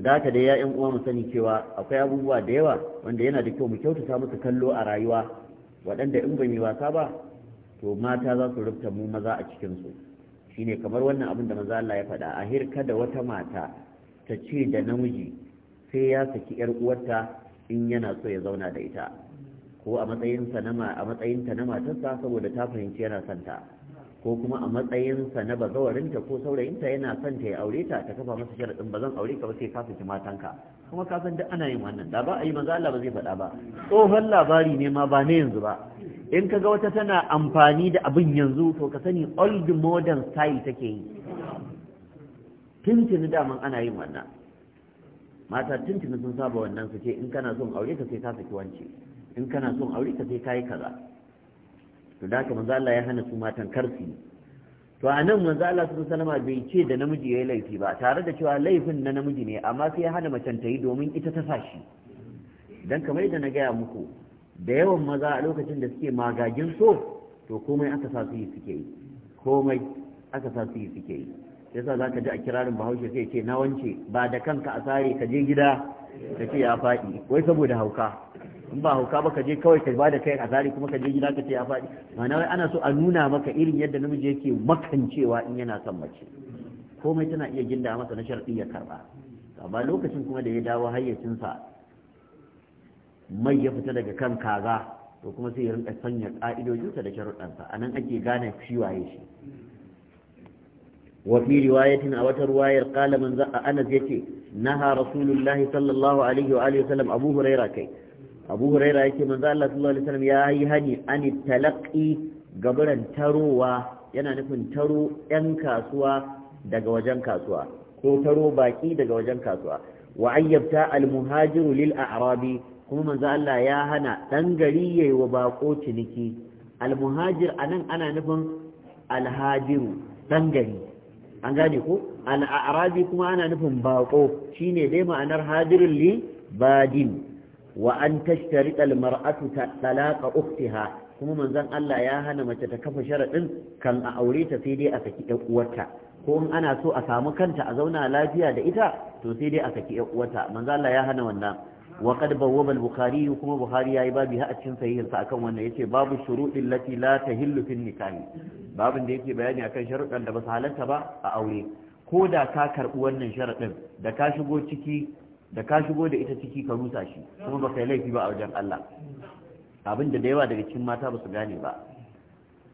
da haka da ya uwa mu sani cewa akwai abubuwa da yawa wanda yana da kyau mu kyautata musu kallo a rayuwa waɗanda in ba mu wasa ba to mata za su rubuta mu maza a cikin cikinsu shine kamar wannan abin da maza Allah ya faɗa a kada da wata mata ta ce da namiji sai ya saki yar uwarta in yana so ya zauna da ita ko a sa na a matsayinta na matarsa saboda ta fahimci yana son ta ko kuma a matsayin sa na bazawarinta ko saurayinta yana son ta ya aure ta ta kafa masa sharaɗin ba zan aure ka ba sai ka saki ka. kuma ka san duk ana yin wannan da ba a yi maza Allah ba zai faɗa ba tsohon labari ne ma ba ne yanzu ba in ka ga wata tana amfani da abin yanzu to ka sani old modern style take yi tuntuni daman ana yin wannan mata tuntuni sun saba wannan su ce in kana son aure ka sai ka saki wance in kana son aure ka sai ka yi kaza to da haka manzo Allah ya hana su matan karfi to a nan manzo Allah sun salama bai ce da namiji yi laifi ba tare da cewa laifin na namiji ne amma sai ya hana macen ta yi domin ita ta shi. dan kamar yadda na gaya muku da yawan maza a lokacin da suke magagin so to komai aka sa su yi suke yi komai aka sa su yi suke yi yasa za ka ji a kirarin bahaushe sai ce na wance ba da kanka a sare ka je gida ka ce ya faɗi wai saboda hauka in ba hauka ba ka je kawai ka ba da kai a sare kuma ka je gida ka ce ya faɗi ma'ana wai ana so a nuna maka irin yadda namiji yake makancewa in yana son mace komai tana iya ginda masa na sharɗi ya karɓa amma lokacin kuma da ya dawo hayyacinsa mai ya fita daga kan kaza to kuma sai ya rinka sanya ƙa'idojinsa da sharuɗansa a nan ake gane shi waye shi وفي رواية أو رواية قال من زق أنس يتي نهى رسول الله صلى الله عليه وآله وسلم أبو هريرة كي أبو هريرة يتي من زال صلى الله عليه وسلم يا أيهني أن التلقي تروا yana nufin taro 'yan kasuwa daga wajen kasuwa ko taro baƙi daga wajen kasuwa wa ayyabta almuhajiru lil a'rabi kuma manzo Allah ya hana dan gari yayi wa baƙo ciniki almuhajir anan ana nufin alhajiru dan gari an gane ko al'arabi kuma ana nufin bako shine dai ma'anar hadirin li badin wa an tashtariq al mar'atu talaqa kuma manzon Allah ya hana mace ta kafa sharaɗin kan a aure ta sai dai a saki ɗan uwarta ko in ana so a samu kanta a zauna lafiya da ita to sai dai a saki ɗan uwarta Manzan Allah ya hana wannan wa qad bawwaba al-bukhari kuma bukhari yayi babi ha a cikin sahihin sa akan wannan yace babu shuruɗin lati la tahillu fi nikahi babin da yake bayani akan sharuɗan da ba halarta ba a aure ko da ka karɓi wannan sharaɗin da ka shigo ciki da ka shigo da ita ciki ka rusa shi kuma ba kai laifi ba a wajen Allah abinda da yawa daga cikin mata ba su gane ba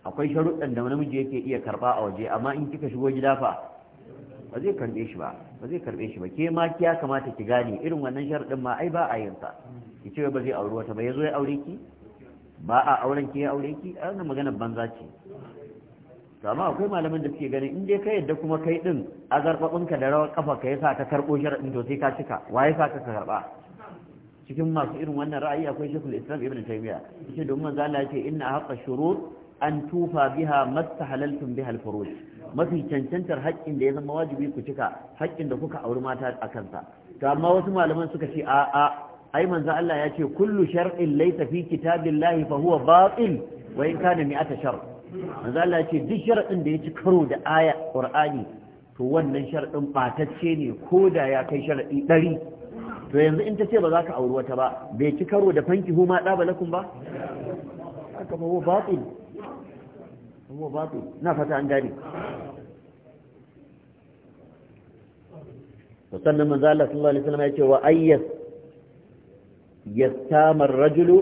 akwai sharuɗan da namiji yake iya karɓa a waje amma in kika shigo gida fa ba zai karɓe shi ba ba zai karbe shi ba ke ma kiya kamata ki gane irin wannan sharadin ma ai ba a yin sa ki ce ba zai aure wata ba yazo ya aure ki ba a auren ki ya aure ki a wannan maganar banza ce to amma akwai malaman da suke ganin in dai ka yadda kuma kai din a zarbabin ka da rawar kafa ka yasa ka karbo sharadin to sai ka cika waye sa ka karba cikin masu irin wannan ra'ayi akwai shekul Islam Ibn taymiya yace domin manzo Allah yace inna haqqa shurut an tufa biha mastahalaltum biha al-furuj mafi cancantar haƙƙin da ya zama wajibi ku cika haƙƙin da kuka auri mata a kansa to amma wasu malaman suka ce a a ai manzo Allah ya ce kullu shar'in laysa fi kitabillahi fa huwa batil wa in kana mi'ata shar manzo Allah ya ce duk shar'in da ya ci karo da aya Qur'ani to wannan shar'in batacce ne ko da ya kai shar'i ɗari to yanzu in ta ce ba za ka auri wata ba bai ci karo da fanki huma ɗaba lakum ba haka ba batil huwa batil na fata an gane to sannan manzo Allah sallallahu alaihi wasallam ce wa ayyas yastama ar-rajulu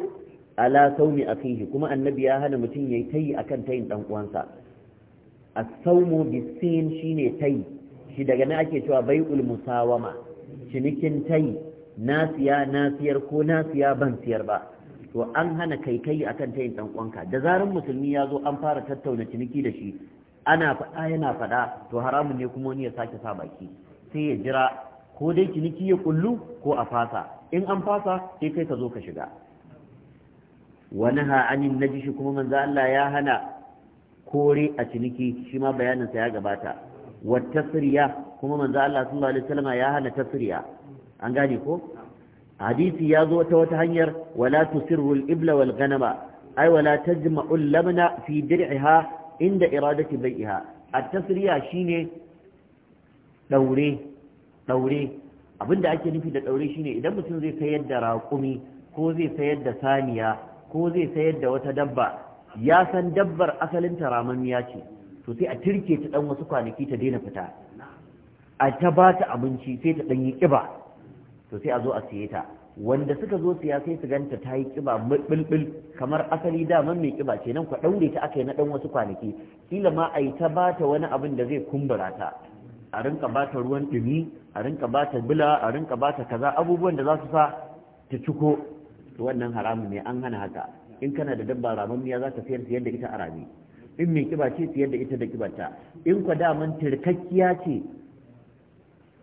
ala sawmi akhihi kuma annabi ya hana mutum yayi tayi akan tayin dan uwansa as-sawmu bisin shine tayi shi daga nan ake cewa bai'ul musawama cinikin tayi nasiya nasiyar ko nasiya ban siyar ba to an hana kai-kai akan tayin dan uwanka da zarar musulmi ya zo an fara tattauna ciniki da shi ana faɗa yana faɗa to haramun ne kuma wani ya sake sa baki sai ya jira ko dai ciniki ya kullu ko a fasa in an fasa sai kai ka zo ka shiga wanaha anin shi kuma manzo Allah ya hana kore a ciniki shi ma bayanin ya gabata wa kuma manzo Allah sallallahu alaihi wasallam ya hana tasriya an gane ko hadisi ya zo ta wata hanyar wala tusirru al-ibla wal ghanama ay wala tajma'u al-labna fi dir'iha inda iradati bai'iha at-tasriya shine daure daure abinda ake nufi da daure shine idan mutum zai sayar da raƙumi ko zai sayar da saniya ko zai sayar da wata dabba ya san dabbar asalin ramamiya ce to sai a tirke ta dan wasu kwanaki ta daina fita a ta ba ta abinci sai ta dan yi ƙiba. to sai a zo a siye ta wanda suka zo siya sai su ganta ta yi kiba bulbul kamar asali daman mai kiba ce ku daure ta aka yi na dan wasu kwanaki kila ma a yi ta bata wani abin da zai kumbura ta a rinka bata ruwan dumi a rinka bata bula a rinka bata kaza abubuwan da za su sa ta ciko to wannan haramun ne an hana haka in kana da dabba ramammiya za ka sayar siyar da ita a rami in mai kiba ce siyar da ita da kibarta in kwa daman tirkakkiya ce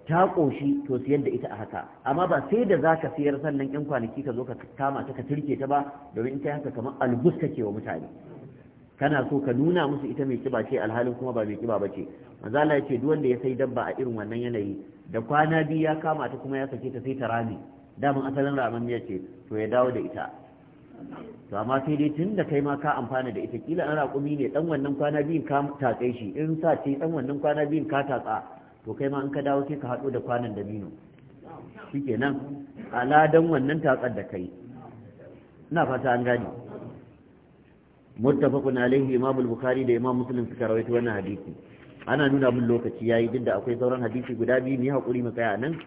ta ƙoshi to siyar da ita a haka amma ba sai da za ka siyar sannan yan kwanaki ka zo ka kama ta ka turke ta ba domin ta haka kamar albus kake wa mutane kana so ka nuna musu ita mai kiba ce alhalin kuma ba mai kiba ba ce manzo Allah ya ce duk wanda ya sai dabba a irin wannan yanayi da kwana biyu ya kama ta kuma ya sake ta sai ta rami daman asalin ramammiya ce to ya dawo da ita to amma sai dai tun da kai ma ka amfana da ita kila an raƙumi ne dan wannan kwana biyun ka tatse shi in sa ce dan wannan kwana biyun ka tatsa to kai ma in ka dawo sai ka haɗo da kwanan shi shikenan a ladan wannan taƙar da kai ina fata an gane muttafaqun alaihi imam al da imam muslim suka rawaito wannan hadisi ana nuna mun lokaci yayi duk da akwai sauran hadisi guda biyu ne hakuri mu tsaya nan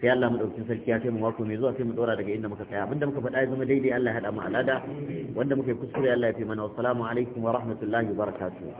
sai Allah mu dauki sarki ya kai mu mai zuwa sai mu dora daga inda muka tsaya abinda muka faɗa ya zama daidai Allah ya hada mu alada wanda muka yi kuskure Allah ya fi mana wassalamu alaikum wa rahmatullahi wa barakatuh